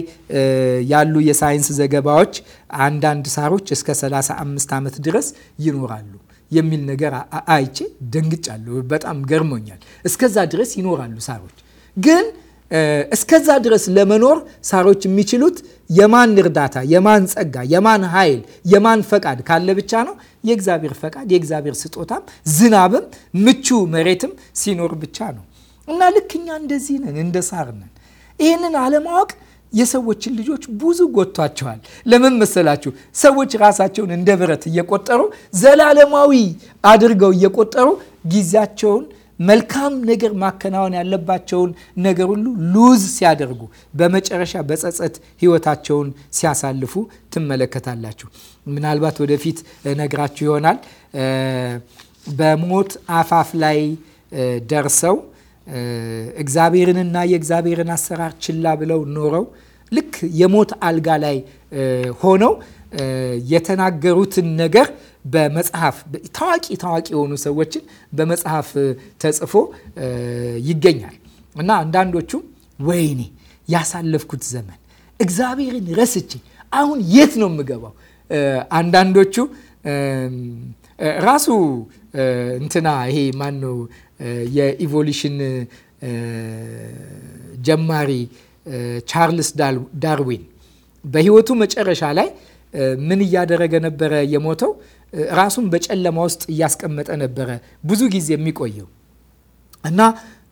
ያሉ የሳይንስ ዘገባዎች አንዳንድ ሳሮች እስከ 35 ዓመት ድረስ ይኖራሉ የሚል ነገር አይቼ ደንግጫለሁ። በጣም ገርሞኛል። እስከዛ ድረስ ይኖራሉ ሳሮች ግን እስከዛ ድረስ ለመኖር ሳሮች የሚችሉት የማን እርዳታ፣ የማን ጸጋ፣ የማን ኃይል፣ የማን ፈቃድ ካለ ብቻ ነው። የእግዚአብሔር ፈቃድ፣ የእግዚአብሔር ስጦታም፣ ዝናብም፣ ምቹ መሬትም ሲኖር ብቻ ነው እና ልክ እኛ እንደዚህ ነን፣ እንደ ሳር ነን። ይህንን አለማወቅ የሰዎችን ልጆች ብዙ ጎቷቸዋል። ለምን መሰላችሁ? ሰዎች ራሳቸውን እንደ ብረት እየቆጠሩ ዘላለማዊ አድርገው እየቆጠሩ ጊዜያቸውን መልካም ነገር ማከናወን ያለባቸውን ነገር ሁሉ ሉዝ ሲያደርጉ በመጨረሻ በጸጸት ህይወታቸውን ሲያሳልፉ ትመለከታላችሁ። ምናልባት ወደፊት ነግራችሁ ይሆናል። በሞት አፋፍ ላይ ደርሰው እግዚአብሔርንና የእግዚአብሔርን አሰራር ችላ ብለው ኖረው ልክ የሞት አልጋ ላይ ሆነው የተናገሩትን ነገር በመጽሐፍ ታዋቂ ታዋቂ የሆኑ ሰዎችን በመጽሐፍ ተጽፎ ይገኛል እና አንዳንዶቹ ወይኔ ያሳለፍኩት ዘመን እግዚአብሔርን ረስቼ አሁን የት ነው የምገባው? አንዳንዶቹ ራሱ እንትና ይሄ ማን ነው የኢቮሉሽን ጀማሪ ቻርልስ ዳርዊን በህይወቱ መጨረሻ ላይ ምን እያደረገ ነበረ የሞተው? ራሱን በጨለማ ውስጥ እያስቀመጠ ነበረ ብዙ ጊዜ የሚቆየው እና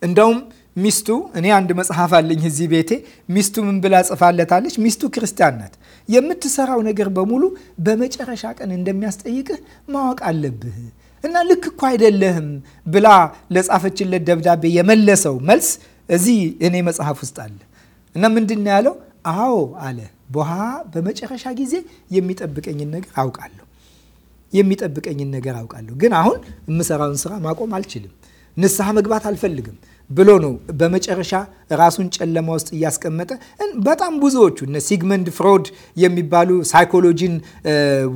እንዳውም ሚስቱ እኔ አንድ መጽሐፍ አለኝ እዚህ ቤቴ። ሚስቱ ምን ብላ ጽፋለታለች? ሚስቱ ክርስቲያን ናት። የምትሰራው ነገር በሙሉ በመጨረሻ ቀን እንደሚያስጠይቅህ ማወቅ አለብህ እና ልክ እኮ አይደለህም ብላ ለጻፈችለት ደብዳቤ የመለሰው መልስ እዚህ እኔ መጽሐፍ ውስጥ አለ እና ምንድን ያለው? አዎ አለ በውሃ በመጨረሻ ጊዜ የሚጠብቀኝን ነገር አውቃለሁ። የሚጠብቀኝን ነገር አውቃለሁ። ግን አሁን የምሰራውን ስራ ማቆም አልችልም፣ ንስሐ መግባት አልፈልግም ብሎ ነው በመጨረሻ ራሱን ጨለማ ውስጥ እያስቀመጠ በጣም ብዙዎቹ እነ ሲግመንድ ፍሮድ የሚባሉ ሳይኮሎጂን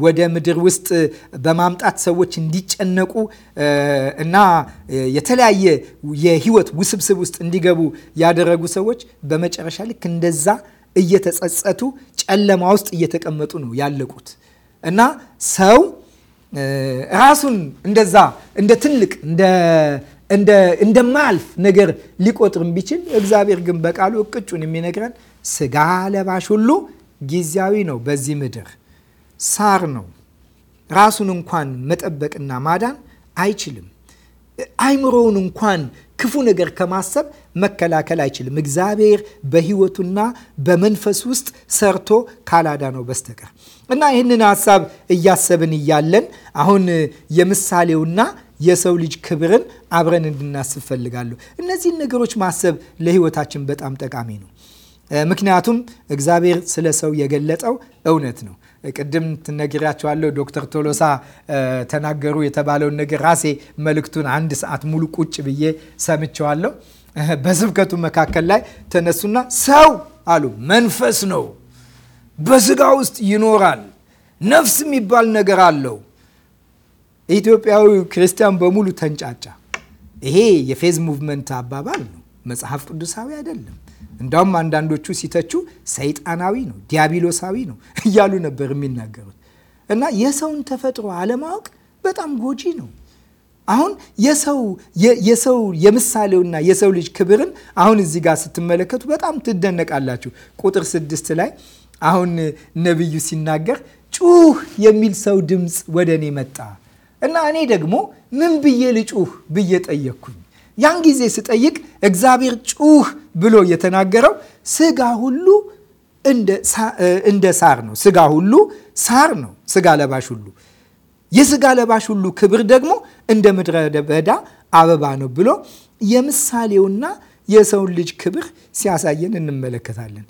ወደ ምድር ውስጥ በማምጣት ሰዎች እንዲጨነቁ እና የተለያየ የህይወት ውስብስብ ውስጥ እንዲገቡ ያደረጉ ሰዎች በመጨረሻ ልክ እንደዛ እየተጸጸቱ ጨለማ ውስጥ እየተቀመጡ ነው ያለቁት እና ሰው ራሱን እንደዛ እንደ ትልቅ እንደማያልፍ ነገር ሊቆጥርም ቢችል እግዚአብሔር ግን በቃሉ እቅጩን የሚነግረን ስጋ ለባሽ ሁሉ ጊዜያዊ ነው። በዚህ ምድር ሳር ነው። ራሱን እንኳን መጠበቅና ማዳን አይችልም። አይምሮውን እንኳን ክፉ ነገር ከማሰብ መከላከል አይችልም። እግዚአብሔር በህይወቱና በመንፈስ ውስጥ ሰርቶ ካላዳ ነው በስተቀር እና ይህንን ሀሳብ እያሰብን እያለን አሁን የምሳሌውና የሰው ልጅ ክብርን አብረን እንድናስብ ፈልጋለሁ። እነዚህን ነገሮች ማሰብ ለህይወታችን በጣም ጠቃሚ ነው። ምክንያቱም እግዚአብሔር ስለ ሰው የገለጠው እውነት ነው። ቅድም ትነግራቸዋለሁ ዶክተር ቶሎሳ ተናገሩ የተባለውን ነገር ራሴ መልእክቱን አንድ ሰዓት ሙሉ ቁጭ ብዬ ሰምቸዋለሁ። በስብከቱ መካከል ላይ ተነሱና ሰው አሉ መንፈስ ነው፣ በስጋ ውስጥ ይኖራል፣ ነፍስ የሚባል ነገር አለው። ኢትዮጵያዊ ክርስቲያን በሙሉ ተንጫጫ። ይሄ የፌዝ ሙቭመንት አባባል ነው፣ መጽሐፍ ቅዱሳዊ አይደለም። እንዳውም አንዳንዶቹ ሲተቹ ሰይጣናዊ ነው፣ ዲያብሎሳዊ ነው እያሉ ነበር የሚናገሩት። እና የሰውን ተፈጥሮ አለማወቅ በጣም ጎጂ ነው። አሁን የሰው የሰው የምሳሌውና የሰው ልጅ ክብርን አሁን እዚህ ጋር ስትመለከቱ በጣም ትደነቃላችሁ። ቁጥር ስድስት ላይ አሁን ነቢዩ ሲናገር ጩህ የሚል ሰው ድምፅ ወደ እኔ መጣ እና እኔ ደግሞ ምን ብዬ ልጩህ ብዬ ጠየቅኩኝ። ያን ጊዜ ስጠይቅ እግዚአብሔር ጩህ ብሎ የተናገረው ስጋ ሁሉ እንደ ሳር ነው። ስጋ ሁሉ ሳር ነው። ስጋ ለባሽ ሁሉ የስጋ ለባሽ ሁሉ ክብር ደግሞ እንደ ምድረ በዳ አበባ ነው ብሎ የምሳሌውና የሰውን ልጅ ክብር ሲያሳየን እንመለከታለን።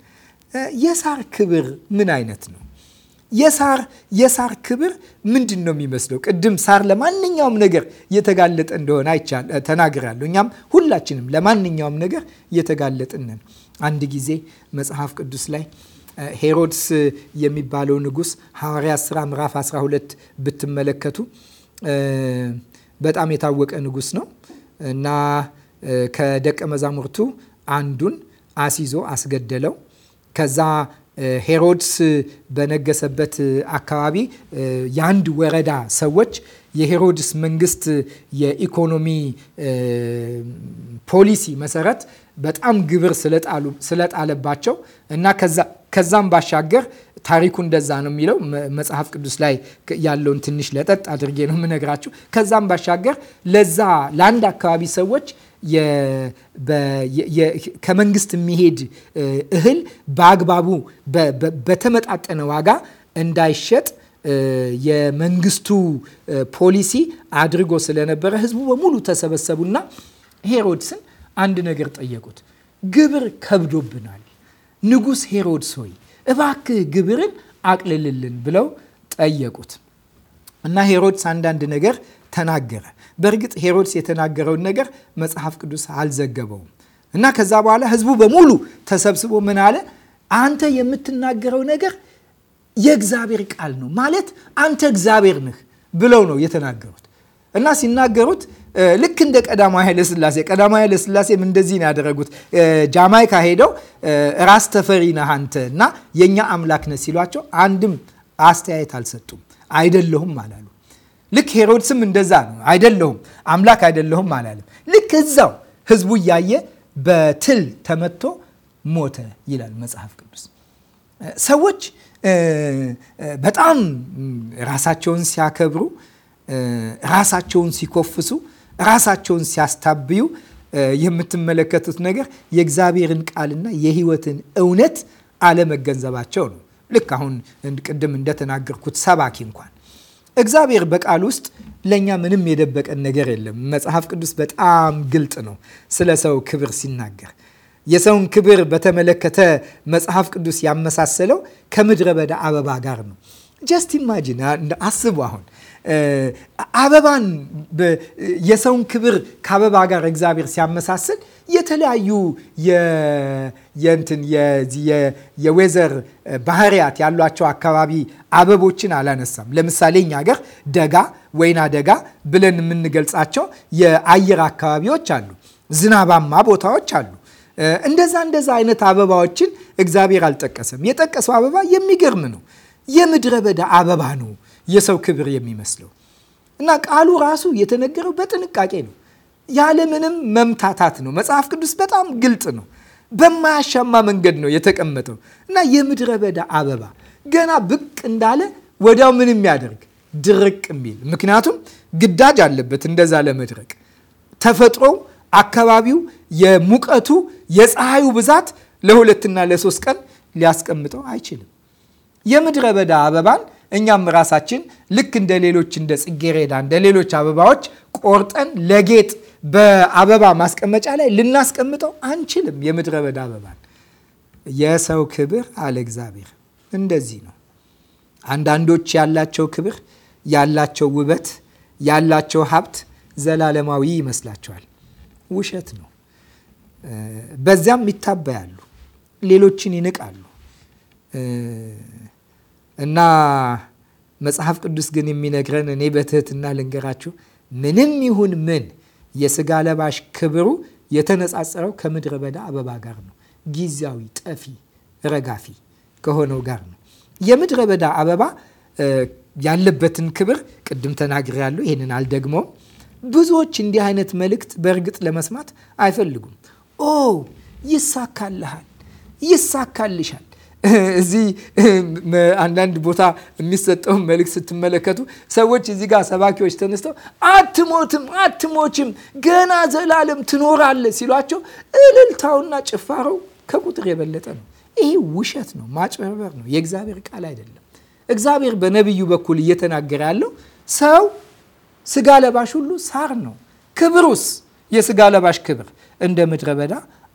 የሳር ክብር ምን አይነት ነው? የሳር የሳር ክብር ምንድን ነው የሚመስለው? ቅድም ሳር ለማንኛውም ነገር የተጋለጠ እንደሆነ ተናግራለሁ። እኛም ሁላችንም ለማንኛውም ነገር የተጋለጥንን። አንድ ጊዜ መጽሐፍ ቅዱስ ላይ ሄሮድስ የሚባለው ንጉስ ሐዋርያ ስራ ምዕራፍ 12 ብትመለከቱ በጣም የታወቀ ንጉስ ነው እና ከደቀ መዛሙርቱ አንዱን አስይዞ አስገደለው። ከዛ ሄሮድስ በነገሰበት አካባቢ የአንድ ወረዳ ሰዎች የሄሮድስ መንግስት የኢኮኖሚ ፖሊሲ መሰረት በጣም ግብር ስለጣለባቸው እና ከዛም ባሻገር ታሪኩ እንደዛ ነው የሚለው መጽሐፍ ቅዱስ ላይ ያለውን ትንሽ ለጠጥ አድርጌ ነው የምነግራችሁ። ከዛም ባሻገር ለዛ ለአንድ አካባቢ ሰዎች ከመንግስት የሚሄድ እህል በአግባቡ በተመጣጠነ ዋጋ እንዳይሸጥ የመንግስቱ ፖሊሲ አድርጎ ስለነበረ ህዝቡ በሙሉ ተሰበሰቡና ሄሮድስን አንድ ነገር ጠየቁት። ግብር ከብዶብናል፣ ንጉሥ ሄሮድስ ሆይ እባክህ ግብርን አቅልልልን ብለው ጠየቁት እና ሄሮድስ አንዳንድ ነገር ተናገረ። በእርግጥ ሄሮድስ የተናገረውን ነገር መጽሐፍ ቅዱስ አልዘገበውም እና ከዛ በኋላ ህዝቡ በሙሉ ተሰብስቦ ምን አለ? አንተ የምትናገረው ነገር የእግዚአብሔር ቃል ነው ማለት አንተ እግዚአብሔር ነህ ብለው ነው የተናገሩት እና ሲናገሩት ልክ እንደ ቀዳማዊ ኃይለሥላሴ ቀዳማዊ ኃይለሥላሴም እንደዚህ ነው ያደረጉት። ጃማይካ ሄደው ራስ ተፈሪ ነህ አንተ እና የእኛ አምላክ ነህ ሲሏቸው አንድም አስተያየት አልሰጡም፣ አይደለሁም አላሉ። ልክ ሄሮድስም እንደዛ ነው። አይደለሁም አምላክ አይደለሁም አላለም። ልክ እዛው ህዝቡ እያየ በትል ተመቶ ሞተ ይላል መጽሐፍ ቅዱስ። ሰዎች በጣም ራሳቸውን ሲያከብሩ፣ ራሳቸውን ሲኮፍሱ፣ ራሳቸውን ሲያስታብዩ የምትመለከቱት ነገር የእግዚአብሔርን ቃልና የህይወትን እውነት አለመገንዘባቸው ነው። ልክ አሁን ቅድም እንደተናገርኩት ሰባኪ እንኳን እግዚአብሔር በቃል ውስጥ ለእኛ ምንም የደበቀን ነገር የለም። መጽሐፍ ቅዱስ በጣም ግልጥ ነው ስለ ሰው ክብር ሲናገር። የሰውን ክብር በተመለከተ መጽሐፍ ቅዱስ ያመሳሰለው ከምድረ በዳ አበባ ጋር ነው። ጀስት ኢማጂን አስቡ። አሁን አበባን የሰውን ክብር ከአበባ ጋር እግዚአብሔር ሲያመሳስል የተለያዩ የንትን የዌዘር ባህሪያት ያሏቸው አካባቢ አበቦችን አላነሳም። ለምሳሌ እኛ ሀገር ደጋ፣ ወይና ደጋ ብለን የምንገልጻቸው የአየር አካባቢዎች አሉ። ዝናባማ ቦታዎች አሉ። እንደዛ እንደዛ አይነት አበባዎችን እግዚአብሔር አልጠቀሰም። የጠቀሰው አበባ የሚገርም ነው። የምድረ በዳ አበባ ነው የሰው ክብር የሚመስለው እና ቃሉ ራሱ የተነገረው በጥንቃቄ ነው። ያለምንም መምታታት ነው። መጽሐፍ ቅዱስ በጣም ግልጥ ነው። በማያሻማ መንገድ ነው የተቀመጠው እና የምድረ በዳ አበባ ገና ብቅ እንዳለ ወዲያው ምን የሚያደርግ ድርቅ የሚል ምክንያቱም ግዳጅ አለበት እንደዛ ለመድረቅ ተፈጥሮው፣ አካባቢው፣ የሙቀቱ የፀሐዩ ብዛት ለሁለትና ለሶስት ቀን ሊያስቀምጠው አይችልም። የምድረ በዳ አበባን እኛም ራሳችን ልክ እንደ ሌሎች እንደ ጽጌረዳ እንደ ሌሎች አበባዎች ቆርጠን ለጌጥ በአበባ ማስቀመጫ ላይ ልናስቀምጠው አንችልም። የምድረ በዳ አበባን የሰው ክብር አለ እግዚአብሔር እንደዚህ ነው። አንዳንዶች ያላቸው ክብር፣ ያላቸው ውበት፣ ያላቸው ሀብት ዘላለማዊ ይመስላቸዋል። ውሸት ነው። በዚያም ይታበያሉ፣ ሌሎችን ይንቃሉ እና መጽሐፍ ቅዱስ ግን የሚነግረን እኔ በትህትና ልንገራችሁ ምንም ይሁን ምን የስጋ ለባሽ ክብሩ የተነጻጸረው ከምድረ በዳ አበባ ጋር ነው። ጊዜያዊ ጠፊ ረጋፊ ከሆነው ጋር ነው። የምድረ በዳ አበባ ያለበትን ክብር ቅድም ተናግር ያሉ ይህንን አልደግሞም። ብዙዎች እንዲህ አይነት መልእክት በእርግጥ ለመስማት አይፈልጉም። ኦ ይሳካልሃል፣ ይሳካልሻል እዚህ አንዳንድ ቦታ የሚሰጠውን መልእክት ስትመለከቱ ሰዎች እዚህ ጋር ሰባኪዎች ተነስተው አትሞትም፣ አትሞችም ገና ዘላለም ትኖራለ ሲሏቸው እልልታውና ጭፋሮው ከቁጥር የበለጠ ነው። ይሄ ውሸት ነው፣ ማጭበርበር ነው፣ የእግዚአብሔር ቃል አይደለም። እግዚአብሔር በነቢዩ በኩል እየተናገረ ያለው ሰው ስጋ ለባሽ ሁሉ ሳር ነው፣ ክብሩስ የስጋ ለባሽ ክብር እንደ ምድረ በዳ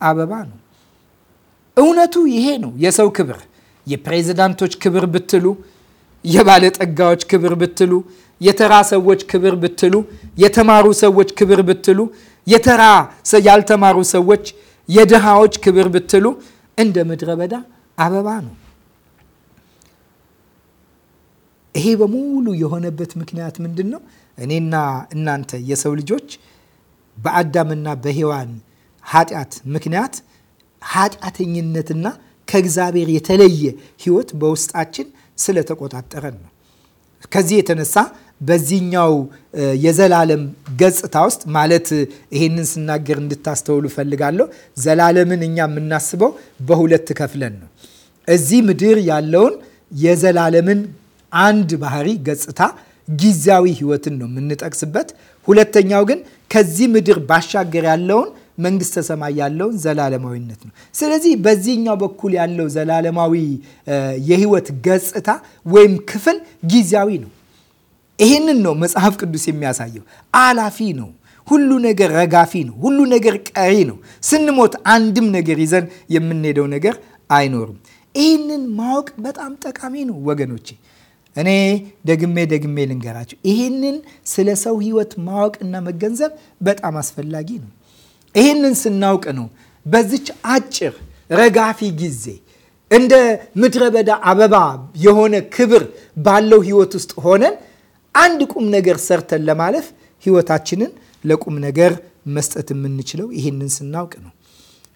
አበባ ነው። እውነቱ ይሄ ነው። የሰው ክብር፣ የፕሬዚዳንቶች ክብር ብትሉ፣ የባለጠጋዎች ክብር ብትሉ፣ የተራ ሰዎች ክብር ብትሉ፣ የተማሩ ሰዎች ክብር ብትሉ፣ የተራ ያልተማሩ ሰዎች፣ የድሃዎች ክብር ብትሉ እንደ ምድረ በዳ አበባ ነው። ይሄ በሙሉ የሆነበት ምክንያት ምንድን ነው? እኔና እናንተ የሰው ልጆች በአዳምና በሔዋን ኃጢአት ምክንያት ኃጢአተኝነትና ከእግዚአብሔር የተለየ ህይወት በውስጣችን ስለተቆጣጠረን ነው። ከዚህ የተነሳ በዚህኛው የዘላለም ገጽታ ውስጥ ማለት ይሄንን ስናገር እንድታስተውሉ ፈልጋለሁ ዘላለምን እኛ የምናስበው በሁለት ከፍለን ነው። እዚህ ምድር ያለውን የዘላለምን አንድ ባህሪ ገጽታ ጊዜያዊ ህይወትን ነው የምንጠቅስበት። ሁለተኛው ግን ከዚህ ምድር ባሻገር ያለውን መንግስተ ሰማይ ያለውን ዘላለማዊነት ነው። ስለዚህ በዚህኛው በኩል ያለው ዘላለማዊ የህይወት ገጽታ ወይም ክፍል ጊዜያዊ ነው። ይህንን ነው መጽሐፍ ቅዱስ የሚያሳየው። አላፊ ነው። ሁሉ ነገር ረጋፊ ነው። ሁሉ ነገር ቀሪ ነው። ስንሞት አንድም ነገር ይዘን የምንሄደው ነገር አይኖርም። ይህንን ማወቅ በጣም ጠቃሚ ነው ወገኖቼ። እኔ ደግሜ ደግሜ ልንገራቸው፣ ይህንን ስለ ሰው ህይወት እና መገንዘብ በጣም አስፈላጊ ነው። ይህንን ስናውቅ ነው በዚች አጭር ረጋፊ ጊዜ እንደ ምድረ በዳ አበባ የሆነ ክብር ባለው ህይወት ውስጥ ሆነን አንድ ቁም ነገር ሰርተን ለማለፍ ህይወታችንን ለቁም ነገር መስጠት የምንችለው ይህንን ስናውቅ ነው።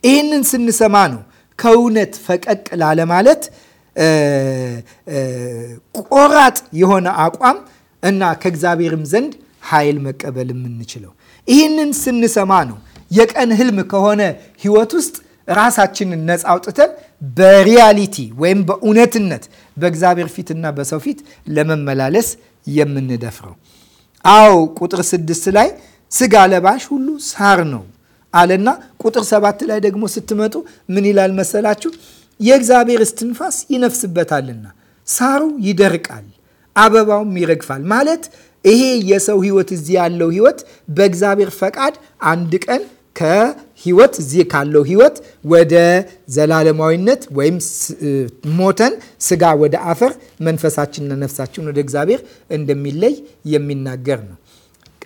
ይህንን ስንሰማ ነው ከእውነት ፈቀቅ ላለማለት ቆራጥ የሆነ አቋም እና ከእግዚአብሔርም ዘንድ ኃይል መቀበል የምንችለው ይህንን ስንሰማ ነው። የቀን ህልም ከሆነ ህይወት ውስጥ ራሳችንን ነፃ አውጥተን በሪያሊቲ ወይም በእውነትነት በእግዚአብሔር ፊትና በሰው ፊት ለመመላለስ የምንደፍረው። አዎ ቁጥር ስድስት ላይ ስጋ ለባሽ ሁሉ ሳር ነው አለና ቁጥር ሰባት ላይ ደግሞ ስትመጡ ምን ይላል መሰላችሁ? የእግዚአብሔር እስትንፋስ ይነፍስበታልና ሳሩ ይደርቃል፣ አበባውም ይረግፋል። ማለት ይሄ የሰው ህይወት እዚህ ያለው ህይወት በእግዚአብሔር ፈቃድ አንድ ቀን ከህይወት እዚህ ካለው ህይወት ወደ ዘላለማዊነት ወይም ሞተን ስጋ ወደ አፈር መንፈሳችንና ነፍሳችን ወደ እግዚአብሔር እንደሚለይ የሚናገር ነው።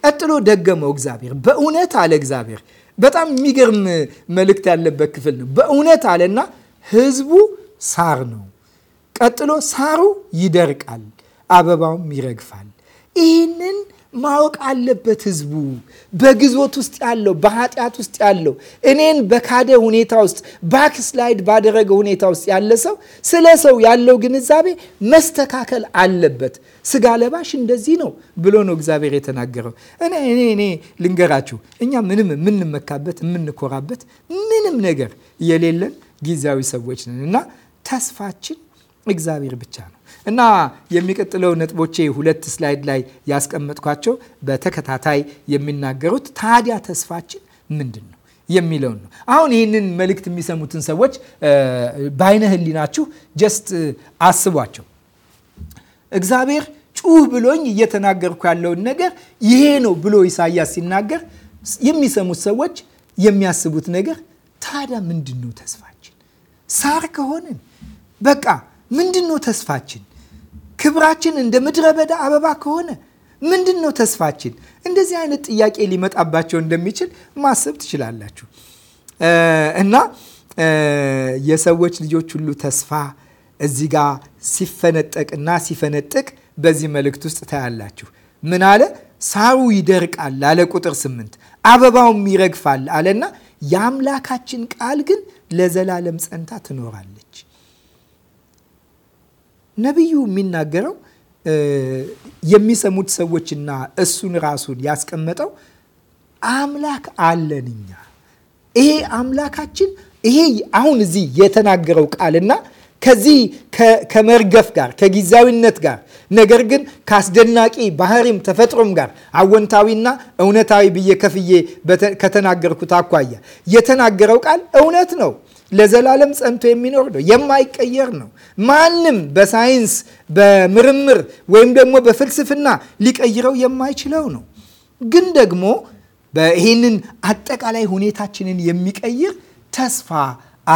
ቀጥሎ ደገመው እግዚአብሔር በእውነት አለ። እግዚአብሔር በጣም የሚገርም መልእክት ያለበት ክፍል ነው። በእውነት አለና ህዝቡ ሳር ነው። ቀጥሎ ሳሩ ይደርቃል፣ አበባውም ይረግፋል። ይህንን ማወቅ አለበት ህዝቡ በግዞት ውስጥ ያለው በኃጢአት ውስጥ ያለው እኔን በካደ ሁኔታ ውስጥ ባክስላይድ ባደረገ ሁኔታ ውስጥ ያለ ሰው ስለ ሰው ያለው ግንዛቤ መስተካከል አለበት። ስጋ ለባሽ እንደዚህ ነው ብሎ ነው እግዚአብሔር የተናገረው። እኔ እኔ እኔ ልንገራችሁ እኛ ምንም የምንመካበት የምንኮራበት ምንም ነገር የሌለን ጊዜያዊ ሰዎች ነን እና ተስፋችን እግዚአብሔር ብቻ ነው። እና የሚቀጥለው ነጥቦቼ ሁለት ስላይድ ላይ ያስቀመጥኳቸው በተከታታይ የሚናገሩት ታዲያ ተስፋችን ምንድን ነው የሚለውን ነው። አሁን ይህንን መልእክት የሚሰሙትን ሰዎች በአይነ ህሊናችሁ ጀስት አስቧቸው። እግዚአብሔር ጩህ ብሎኝ እየተናገርኩ ያለውን ነገር ይሄ ነው ብሎ ኢሳያስ ሲናገር የሚሰሙት ሰዎች የሚያስቡት ነገር ታዲያ ምንድን ነው ተስፋችን? ሳር ከሆንን በቃ ምንድን ነው ተስፋችን? ክብራችን እንደ ምድረ በዳ አበባ ከሆነ ምንድን ነው ተስፋችን? እንደዚህ አይነት ጥያቄ ሊመጣባቸው እንደሚችል ማሰብ ትችላላችሁ። እና የሰዎች ልጆች ሁሉ ተስፋ እዚህ ጋ ሲፈነጠቅና ሲፈነጥቅ በዚህ መልእክት ውስጥ ታያላችሁ። ምን አለ? ሳሩ ይደርቃል አለ፣ ቁጥር ስምንት አበባውም ይረግፋል አለና የአምላካችን ቃል ግን ለዘላለም ጸንታ ትኖራል ነቢዩ የሚናገረው የሚሰሙት ሰዎችና እሱን ራሱን ያስቀመጠው አምላክ አለን እኛ ይሄ አምላካችን ይሄ አሁን እዚህ የተናገረው ቃልና ከዚህ ከመርገፍ ጋር ከጊዜያዊነት ጋር ነገር ግን ከአስደናቂ ባህሪም ተፈጥሮም ጋር አወንታዊና እውነታዊ ብዬ ከፍዬ ከተናገርኩት አኳያ የተናገረው ቃል እውነት ነው። ለዘላለም ጸንቶ የሚኖር ነው፣ የማይቀየር ነው። ማንም በሳይንስ በምርምር ወይም ደግሞ በፍልስፍና ሊቀይረው የማይችለው ነው። ግን ደግሞ ይህንን አጠቃላይ ሁኔታችንን የሚቀይር ተስፋ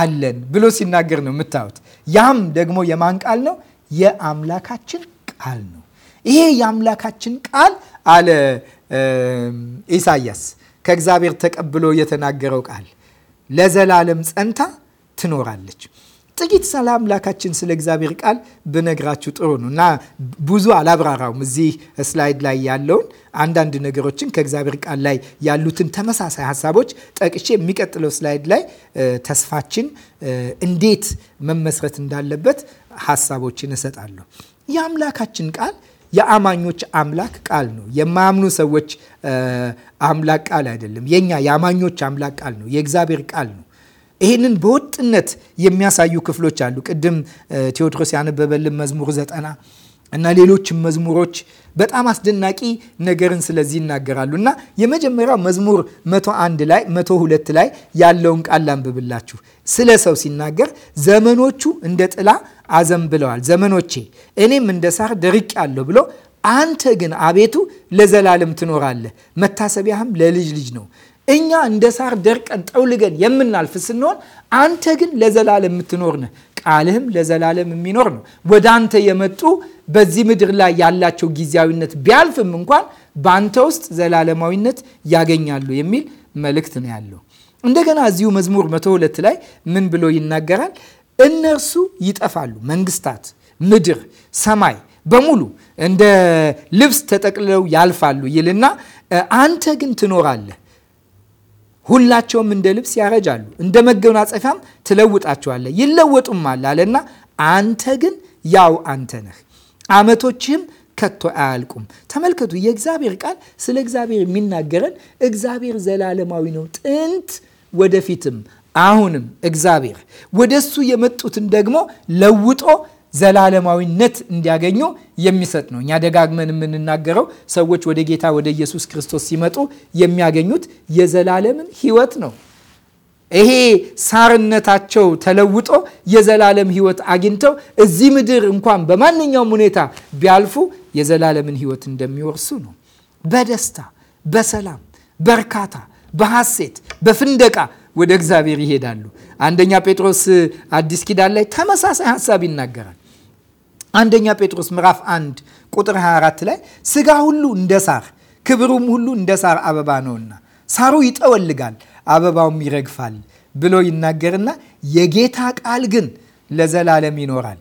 አለን ብሎ ሲናገር ነው የምታዩት። ያም ደግሞ የማን ቃል ነው? የአምላካችን ቃል ነው። ይሄ የአምላካችን ቃል አለ ኢሳያስ ከእግዚአብሔር ተቀብሎ የተናገረው ቃል ለዘላለም ጸንታ ትኖራለች። ጥቂት ስለ አምላካችን ስለ እግዚአብሔር ቃል ብነግራችሁ ጥሩ ነው እና ብዙ አላብራራውም። እዚህ ስላይድ ላይ ያለውን አንዳንድ ነገሮችን ከእግዚአብሔር ቃል ላይ ያሉትን ተመሳሳይ ሀሳቦች ጠቅሼ የሚቀጥለው ስላይድ ላይ ተስፋችን እንዴት መመስረት እንዳለበት ሀሳቦችን እሰጣለሁ። የአምላካችን ቃል የአማኞች አምላክ ቃል ነው። የማያምኑ ሰዎች አምላክ ቃል አይደለም። የኛ የአማኞች አምላክ ቃል ነው። የእግዚአብሔር ቃል ነው። ይህንን በወጥነት የሚያሳዩ ክፍሎች አሉ። ቅድም ቴዎድሮስ ያነበበልን መዝሙር ዘጠና እና ሌሎችም መዝሙሮች በጣም አስደናቂ ነገርን ስለዚህ ይናገራሉ እና የመጀመሪያው መዝሙር መቶ አንድ ላይ መቶ ሁለት ላይ ያለውን ቃል ላንብብላችሁ። ስለ ሰው ሲናገር ዘመኖቹ እንደ ጥላ አዘም ብለዋል ዘመኖቼ እኔም እንደ ሳር ደርቅ ያለሁ ብሎ አንተ ግን አቤቱ ለዘላለም ትኖራለህ፣ መታሰቢያህም ለልጅ ልጅ ነው። እኛ እንደ ሳር ደርቀን ጠውልገን የምናልፍ ስንሆን አንተ ግን ለዘላለም የምትኖር ነህ፣ ቃልህም ለዘላለም የሚኖር ነው። ወደ አንተ የመጡ በዚህ ምድር ላይ ያላቸው ጊዜያዊነት ቢያልፍም እንኳን በአንተ ውስጥ ዘላለማዊነት ያገኛሉ የሚል መልእክት ነው ያለው። እንደገና እዚሁ መዝሙር መቶ ሁለት ላይ ምን ብሎ ይናገራል? እነርሱ ይጠፋሉ። መንግስታት፣ ምድር፣ ሰማይ በሙሉ እንደ ልብስ ተጠቅልለው ያልፋሉ ይልና አንተ ግን ትኖራለህ። ሁላቸውም እንደ ልብስ ያረጃሉ፣ እንደ መጎናጸፊያም ትለውጣቸዋለህ፣ ይለወጡማል አለና አንተ ግን ያው አንተ ነህ፣ ዓመቶችህም ከቶ አያልቁም። ተመልከቱ፣ የእግዚአብሔር ቃል ስለ እግዚአብሔር የሚናገረን እግዚአብሔር ዘላለማዊ ነው። ጥንት ወደፊትም አሁንም እግዚአብሔር ወደ እሱ የመጡትን ደግሞ ለውጦ ዘላለማዊነት እንዲያገኙ የሚሰጥ ነው። እኛ ደጋግመን የምንናገረው ሰዎች ወደ ጌታ ወደ ኢየሱስ ክርስቶስ ሲመጡ የሚያገኙት የዘላለምን ሕይወት ነው። ይሄ ሳርነታቸው ተለውጦ የዘላለም ሕይወት አግኝተው እዚህ ምድር እንኳን በማንኛውም ሁኔታ ቢያልፉ የዘላለምን ሕይወት እንደሚወርሱ ነው። በደስታ፣ በሰላም፣ በእርካታ፣ በሐሴት፣ በፍንደቃ ወደ እግዚአብሔር ይሄዳሉ። አንደኛ ጴጥሮስ አዲስ ኪዳን ላይ ተመሳሳይ ሀሳብ ይናገራል። አንደኛ ጴጥሮስ ምዕራፍ 1 ቁጥር 24 ላይ ስጋ ሁሉ እንደ ሳር ክብሩም ሁሉ እንደ ሳር አበባ ነውና ሳሩ ይጠወልጋል፣ አበባውም ይረግፋል ብሎ ይናገርና የጌታ ቃል ግን ለዘላለም ይኖራል።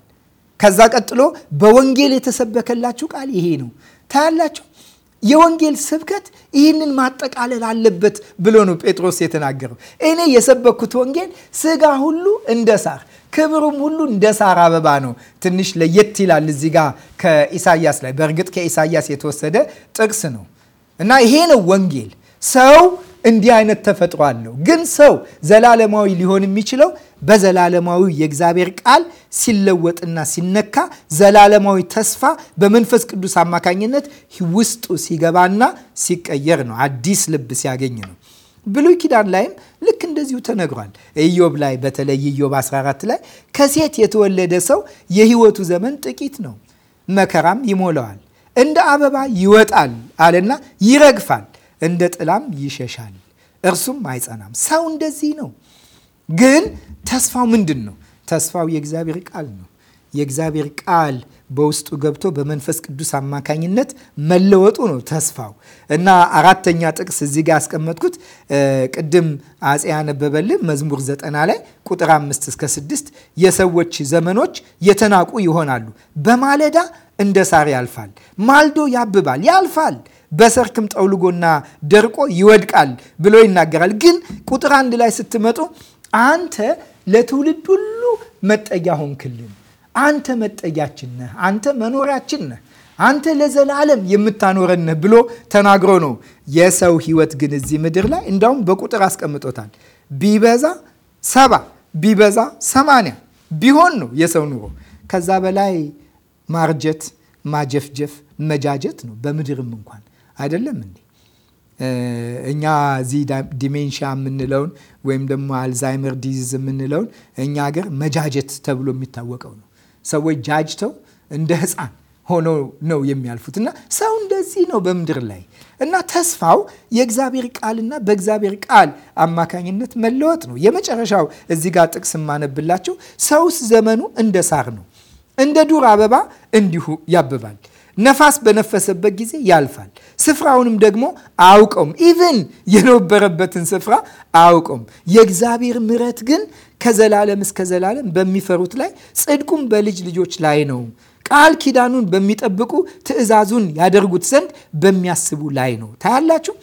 ከዛ ቀጥሎ በወንጌል የተሰበከላችሁ ቃል ይሄ ነው። ታያላችሁ የወንጌል ስብከት ይህንን ማጠቃለል አለበት ብሎ ነው ጴጥሮስ የተናገረው። እኔ የሰበኩት ወንጌል ስጋ ሁሉ እንደ ሳር ክብሩም ሁሉ እንደ ሳር አበባ ነው። ትንሽ ለየት ይላል እዚህ ጋ ከኢሳያስ ላይ። በእርግጥ ከኢሳያስ የተወሰደ ጥቅስ ነው እና ይሄ ነው ወንጌል። ሰው እንዲህ አይነት ተፈጥሮ አለው። ግን ሰው ዘላለማዊ ሊሆን የሚችለው በዘላለማዊ የእግዚአብሔር ቃል ሲለወጥና ሲነካ ዘላለማዊ ተስፋ በመንፈስ ቅዱስ አማካኝነት ውስጡ ሲገባና ሲቀየር ነው። አዲስ ልብ ሲያገኝ ነው። ብሉይ ኪዳን ላይም ልክ እንደዚሁ ተነግሯል። ኢዮብ ላይ በተለይ ኢዮብ 14 ላይ ከሴት የተወለደ ሰው የህይወቱ ዘመን ጥቂት ነው፣ መከራም ይሞላዋል። እንደ አበባ ይወጣል አለና ይረግፋል፣ እንደ ጥላም ይሸሻል፣ እርሱም አይጸናም። ሰው እንደዚህ ነው። ግን ተስፋው ምንድን ነው? ተስፋው የእግዚአብሔር ቃል ነው። የእግዚአብሔር ቃል በውስጡ ገብቶ በመንፈስ ቅዱስ አማካኝነት መለወጡ ነው ተስፋው። እና አራተኛ ጥቅስ እዚህ ጋር ያስቀመጥኩት ቅድም አጼ ያነበበልን መዝሙር ዘጠና ላይ ቁጥር አምስት እስከ ስድስት የሰዎች ዘመኖች የተናቁ ይሆናሉ። በማለዳ እንደ ሳር ያልፋል፣ ማልዶ ያብባል፣ ያልፋል በሰርክም ጠውልጎና ደርቆ ይወድቃል ብሎ ይናገራል። ግን ቁጥር አንድ ላይ ስትመጡ አንተ ለትውልድ ሁሉ መጠጊያ ሆንክልን። አንተ መጠጊያችን ነህ፣ አንተ መኖሪያችን ነህ፣ አንተ ለዘላለም የምታኖረን ነህ ብሎ ተናግሮ ነው። የሰው ሕይወት ግን እዚህ ምድር ላይ እንዳውም በቁጥር አስቀምጦታል። ቢበዛ ሰባ ቢበዛ ሰማንያ ቢሆን ነው የሰው ኑሮ። ከዛ በላይ ማርጀት፣ ማጀፍጀፍ፣ መጃጀት ነው በምድርም እንኳን አይደለም እንዴ? እኛ እዚህ ዲሜንሽያ የምንለውን ወይም ደግሞ አልዛይመር ዲዚዝ የምንለውን እኛ ሀገር መጃጀት ተብሎ የሚታወቀው ነው። ሰዎች ጃጅተው እንደ ህፃን ሆኖ ነው የሚያልፉት እና ሰው እንደዚህ ነው በምድር ላይ እና ተስፋው የእግዚአብሔር ቃልና በእግዚአብሔር ቃል አማካኝነት መለወጥ ነው። የመጨረሻው እዚህ ጋር ጥቅስ የማነብላቸው ሰውስ ዘመኑ እንደ ሳር ነው፣ እንደ ዱር አበባ እንዲሁ ያብባል ነፋስ በነፈሰበት ጊዜ ያልፋል። ስፍራውንም ደግሞ አያውቀውም። ኢቭን የነበረበትን ስፍራ አያውቀውም። የእግዚአብሔር ምረት ግን ከዘላለም እስከ ዘላለም በሚፈሩት ላይ ጽድቁም በልጅ ልጆች ላይ ነው ቃል ኪዳኑን በሚጠብቁ ትእዛዙን ያደርጉት ዘንድ በሚያስቡ ላይ ነው። ታያላችሁ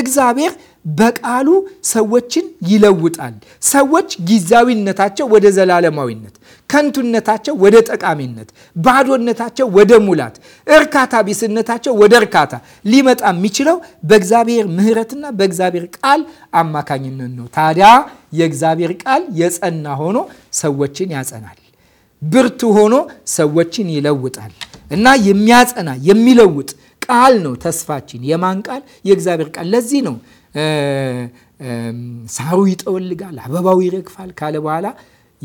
እግዚአብሔር በቃሉ ሰዎችን ይለውጣል። ሰዎች ጊዜያዊነታቸው ወደ ዘላለማዊነት፣ ከንቱነታቸው ወደ ጠቃሚነት፣ ባዶነታቸው ወደ ሙላት፣ እርካታ ቢስነታቸው ወደ እርካታ ሊመጣ የሚችለው በእግዚአብሔር ምሕረትና በእግዚአብሔር ቃል አማካኝነት ነው። ታዲያ የእግዚአብሔር ቃል የጸና ሆኖ ሰዎችን ያጸናል። ብርቱ ሆኖ ሰዎችን ይለውጣል እና የሚያጸና የሚለውጥ ቃል ነው ተስፋችን። የማን ቃል? የእግዚአብሔር ቃል። ለዚህ ነው ሳሩ ይጠወልጋል፣ አበባው ይረግፋል ካለ በኋላ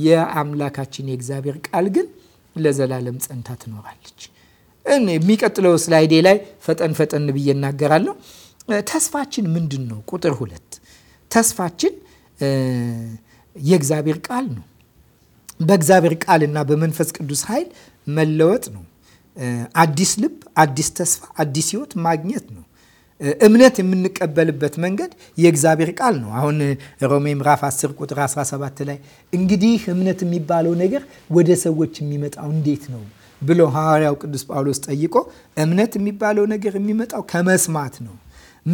የአምላካችን የእግዚአብሔር ቃል ግን ለዘላለም ጸንታ ትኖራለች። የሚቀጥለው ስላይዴ ላይ ፈጠን ፈጠን ብዬ እናገራለሁ። ተስፋችን ምንድን ነው? ቁጥር ሁለት ተስፋችን የእግዚአብሔር ቃል ነው። በእግዚአብሔር ቃል እና በመንፈስ ቅዱስ ኃይል መለወጥ ነው። አዲስ ልብ፣ አዲስ ተስፋ፣ አዲስ ህይወት ማግኘት ነው። እምነት የምንቀበልበት መንገድ የእግዚአብሔር ቃል ነው። አሁን ሮሜ ምዕራፍ 10 ቁጥር 17 ላይ እንግዲህ እምነት የሚባለው ነገር ወደ ሰዎች የሚመጣው እንዴት ነው ብሎ ሐዋርያው ቅዱስ ጳውሎስ ጠይቆ እምነት የሚባለው ነገር የሚመጣው ከመስማት ነው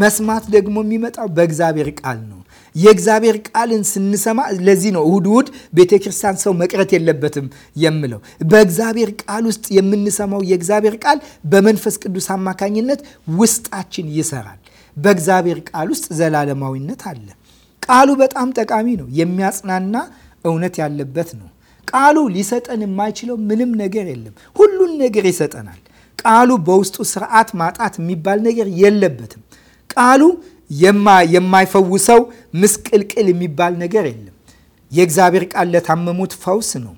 መስማት ደግሞ የሚመጣው በእግዚአብሔር ቃል ነው። የእግዚአብሔር ቃልን ስንሰማ፣ ለዚህ ነው እሁድ እሁድ ቤተ ክርስቲያን ሰው መቅረት የለበትም የምለው። በእግዚአብሔር ቃል ውስጥ የምንሰማው የእግዚአብሔር ቃል በመንፈስ ቅዱስ አማካኝነት ውስጣችን ይሰራል። በእግዚአብሔር ቃል ውስጥ ዘላለማዊነት አለ። ቃሉ በጣም ጠቃሚ ነው። የሚያጽናና እውነት ያለበት ነው። ቃሉ ሊሰጠን የማይችለው ምንም ነገር የለም። ሁሉን ነገር ይሰጠናል። ቃሉ በውስጡ ስርዓት ማጣት የሚባል ነገር የለበትም። ቃሉ የማይፈውሰው ምስቅልቅል የሚባል ነገር የለም። የእግዚአብሔር ቃል ለታመሙት ፈውስ ነው።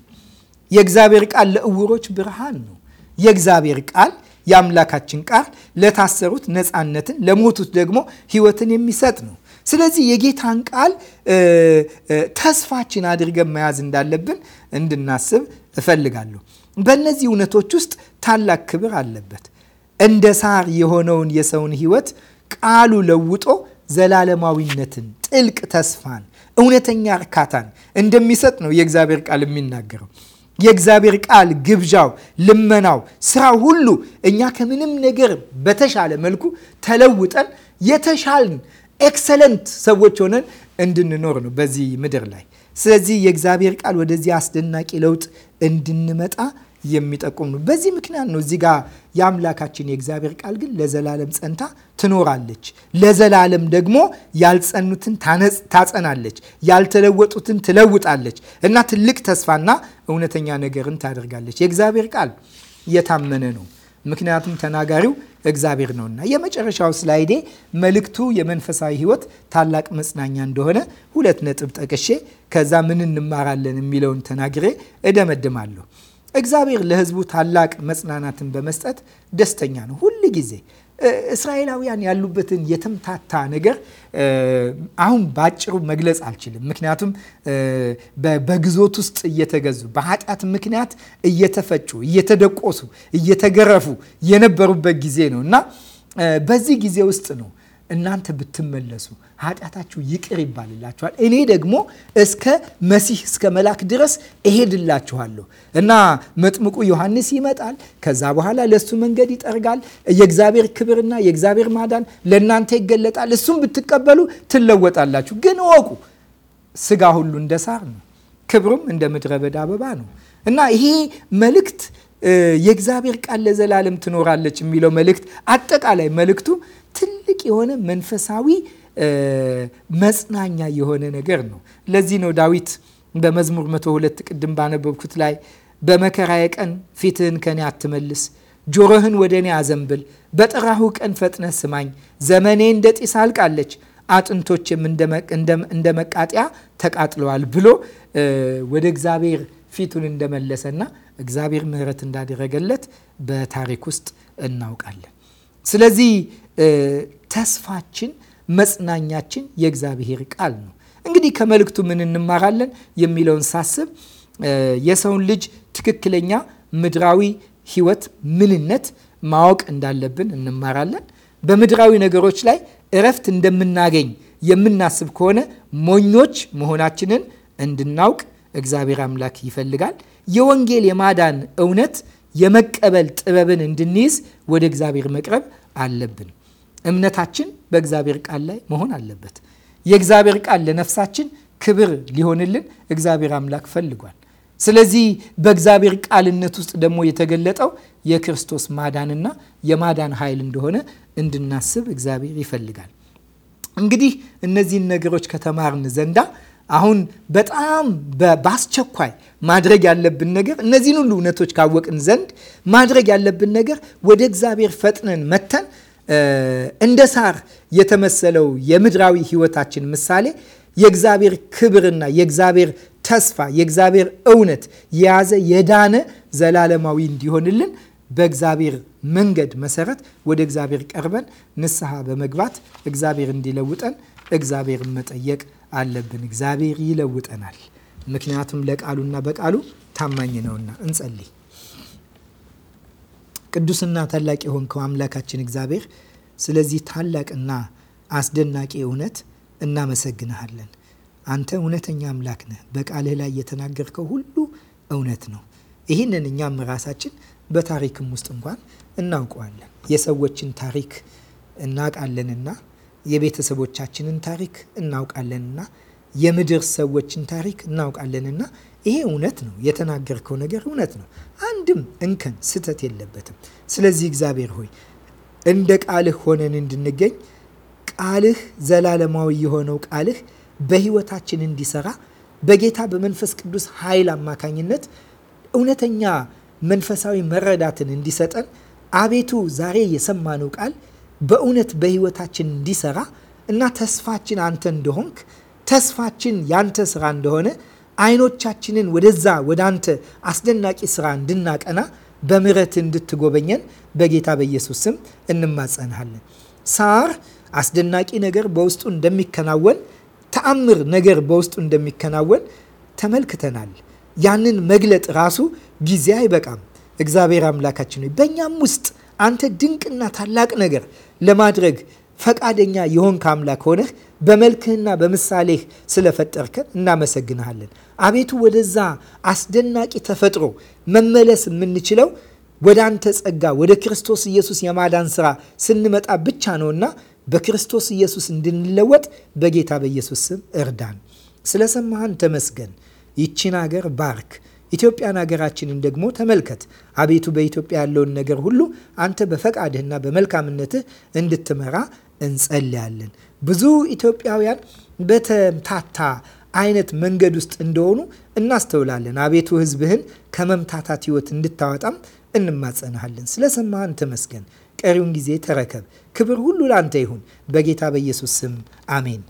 የእግዚአብሔር ቃል ለእውሮች ብርሃን ነው። የእግዚአብሔር ቃል የአምላካችን ቃል ለታሰሩት ነፃነትን፣ ለሞቱት ደግሞ ሕይወትን የሚሰጥ ነው። ስለዚህ የጌታን ቃል ተስፋችን አድርገን መያዝ እንዳለብን እንድናስብ እፈልጋለሁ። በእነዚህ እውነቶች ውስጥ ታላቅ ክብር አለበት። እንደ ሳር የሆነውን የሰውን ሕይወት ቃሉ ለውጦ ዘላለማዊነትን፣ ጥልቅ ተስፋን፣ እውነተኛ እርካታን እንደሚሰጥ ነው የእግዚአብሔር ቃል የሚናገረው። የእግዚአብሔር ቃል ግብዣው፣ ልመናው፣ ስራው ሁሉ እኛ ከምንም ነገር በተሻለ መልኩ ተለውጠን የተሻልን ኤክሰለንት ሰዎች ሆነን እንድንኖር ነው በዚህ ምድር ላይ። ስለዚህ የእግዚአብሔር ቃል ወደዚህ አስደናቂ ለውጥ እንድንመጣ የሚጠቁም ነው። በዚህ ምክንያት ነው እዚህ ጋር የአምላካችን የእግዚአብሔር ቃል ግን ለዘላለም ጸንታ ትኖራለች። ለዘላለም ደግሞ ያልጸኑትን ታጸናለች፣ ያልተለወጡትን ትለውጣለች እና ትልቅ ተስፋና እውነተኛ ነገርን ታደርጋለች። የእግዚአብሔር ቃል የታመነ ነው፣ ምክንያቱም ተናጋሪው እግዚአብሔር ነውና። የመጨረሻው ስላይዴ መልእክቱ የመንፈሳዊ ሕይወት ታላቅ መጽናኛ እንደሆነ ሁለት ነጥብ ጠቅሼ ከዛ ምን እንማራለን የሚለውን ተናግሬ እደመድማለሁ። እግዚአብሔር ለህዝቡ ታላቅ መጽናናትን በመስጠት ደስተኛ ነው ሁል ጊዜ። እስራኤላውያን ያሉበትን የተምታታ ነገር አሁን በአጭሩ መግለጽ አልችልም። ምክንያቱም በግዞት ውስጥ እየተገዙ በኃጢአት ምክንያት እየተፈጩ፣ እየተደቆሱ፣ እየተገረፉ የነበሩበት ጊዜ ነው እና በዚህ ጊዜ ውስጥ ነው እናንተ ብትመለሱ ኃጢአታችሁ ይቅር ይባልላችኋል፣ እኔ ደግሞ እስከ መሲህ እስከ መላክ ድረስ እሄድላችኋለሁ እና መጥምቁ ዮሐንስ ይመጣል። ከዛ በኋላ ለእሱ መንገድ ይጠርጋል። የእግዚአብሔር ክብርና የእግዚአብሔር ማዳን ለእናንተ ይገለጣል። እሱም ብትቀበሉ ትለወጣላችሁ። ግን እወቁ፣ ስጋ ሁሉ እንደ ሳር ነው፣ ክብሩም እንደ ምድረ በዳ አበባ ነው እና ይሄ መልእክት የእግዚአብሔር ቃል ለዘላለም ትኖራለች የሚለው መልእክት አጠቃላይ መልእክቱ ትልቅ የሆነ መንፈሳዊ መጽናኛ የሆነ ነገር ነው። ለዚህ ነው ዳዊት በመዝሙር 102 ቅድም ባነበብኩት ላይ በመከራዬ ቀን ፊትህን ከኔ አትመልስ፣ ጆሮህን ወደ እኔ አዘንብል፣ በጠራሁ ቀን ፈጥነህ ስማኝ። ዘመኔ እንደ ጢስ አልቃለች፣ አጥንቶችም እንደ መቃጢያ ተቃጥለዋል ብሎ ወደ እግዚአብሔር ፊቱን እንደመለሰና እግዚአብሔር ምሕረት እንዳደረገለት በታሪክ ውስጥ እናውቃለን። ስለዚህ ተስፋችን፣ መጽናኛችን የእግዚአብሔር ቃል ነው። እንግዲህ ከመልእክቱ ምን እንማራለን የሚለውን ሳስብ የሰውን ልጅ ትክክለኛ ምድራዊ ሕይወት ምንነት ማወቅ እንዳለብን እንማራለን። በምድራዊ ነገሮች ላይ እረፍት እንደምናገኝ የምናስብ ከሆነ ሞኞች መሆናችንን እንድናውቅ እግዚአብሔር አምላክ ይፈልጋል። የወንጌል የማዳን እውነት የመቀበል ጥበብን እንድንይዝ ወደ እግዚአብሔር መቅረብ አለብን። እምነታችን በእግዚአብሔር ቃል ላይ መሆን አለበት። የእግዚአብሔር ቃል ለነፍሳችን ክብር ሊሆንልን እግዚአብሔር አምላክ ፈልጓል። ስለዚህ በእግዚአብሔር ቃልነት ውስጥ ደግሞ የተገለጠው የክርስቶስ ማዳንና የማዳን ኃይል እንደሆነ እንድናስብ እግዚአብሔር ይፈልጋል። እንግዲህ እነዚህን ነገሮች ከተማርን ዘንዳ አሁን በጣም በአስቸኳይ ማድረግ ያለብን ነገር እነዚህን ሁሉ እውነቶች ካወቅን ዘንድ ማድረግ ያለብን ነገር ወደ እግዚአብሔር ፈጥነን መተን እንደ ሳር የተመሰለው የምድራዊ ህይወታችን ምሳሌ የእግዚአብሔር ክብርና የእግዚአብሔር ተስፋ የእግዚአብሔር እውነት የያዘ የዳነ ዘላለማዊ እንዲሆንልን በእግዚአብሔር መንገድ መሰረት ወደ እግዚአብሔር ቀርበን ንስሐ በመግባት እግዚአብሔር እንዲለውጠን እግዚአብሔር መጠየቅ አለብን። እግዚአብሔር ይለውጠናል፣ ምክንያቱም ለቃሉና በቃሉ ታማኝ ነውና። እንጸልይ። ቅዱስና ታላቅ የሆንከው አምላካችን እግዚአብሔር ስለዚህ ታላቅና አስደናቂ እውነት እናመሰግንሃለን። አንተ እውነተኛ አምላክ ነህ። በቃልህ ላይ የተናገርከው ሁሉ እውነት ነው። ይህንን እኛም ራሳችን በታሪክም ውስጥ እንኳን እናውቀዋለን። የሰዎችን ታሪክ እናውቃለንና የቤተሰቦቻችንን ታሪክ እናውቃለንና የምድር ሰዎችን ታሪክ እናውቃለንና ይሄ እውነት ነው። የተናገርከው ነገር እውነት ነው። አንድም እንከን ስህተት የለበትም። ስለዚህ እግዚአብሔር ሆይ እንደ ቃልህ ሆነን እንድንገኝ ቃልህ ዘላለማዊ የሆነው ቃልህ በሕይወታችን እንዲሰራ በጌታ በመንፈስ ቅዱስ ኃይል አማካኝነት እውነተኛ መንፈሳዊ መረዳትን እንዲሰጠን አቤቱ ዛሬ የሰማነው ቃል በእውነት በሕይወታችን እንዲሰራ እና ተስፋችን አንተ እንደሆንክ ተስፋችን ያንተ ስራ እንደሆነ አይኖቻችንን ወደዛ ወደ አንተ አስደናቂ ስራ እንድናቀና በምረት እንድትጎበኘን በጌታ በኢየሱስ ስም ሳር አስደናቂ ነገር በውስጡ እንደሚከናወን ተአምር ነገር በውስጡ እንደሚከናወን ተመልክተናል። ያንን መግለጥ ራሱ ጊዜ አይበቃም። እግዚአብሔር አምላካችን በእኛም ውስጥ አንተ ድንቅና ታላቅ ነገር ለማድረግ ፈቃደኛ የሆንክ አምላክ ሆነህ በመልክህና በምሳሌህ ስለፈጠርከን እናመሰግንሃለን። አቤቱ ወደዛ አስደናቂ ተፈጥሮ መመለስ የምንችለው ወደ አንተ ጸጋ፣ ወደ ክርስቶስ ኢየሱስ የማዳን ስራ ስንመጣ ብቻ ነውና በክርስቶስ ኢየሱስ እንድንለወጥ በጌታ በኢየሱስ ስም እርዳን። ስለሰማህን ተመስገን። ይችን አገር ባርክ። ኢትዮጵያን አገራችንን ደግሞ ተመልከት። አቤቱ በኢትዮጵያ ያለውን ነገር ሁሉ አንተ በፈቃድህና በመልካምነትህ እንድትመራ እንጸልያለን። ብዙ ኢትዮጵያውያን በተምታታ አይነት መንገድ ውስጥ እንደሆኑ እናስተውላለን። አቤቱ ሕዝብህን ከመምታታት ህይወት እንድታወጣም እንማጸናሃለን። ስለ ሰማህን ተመስገን። ቀሪውን ጊዜ ተረከብ። ክብር ሁሉ ለአንተ ይሁን። በጌታ በኢየሱስ ስም አሜን።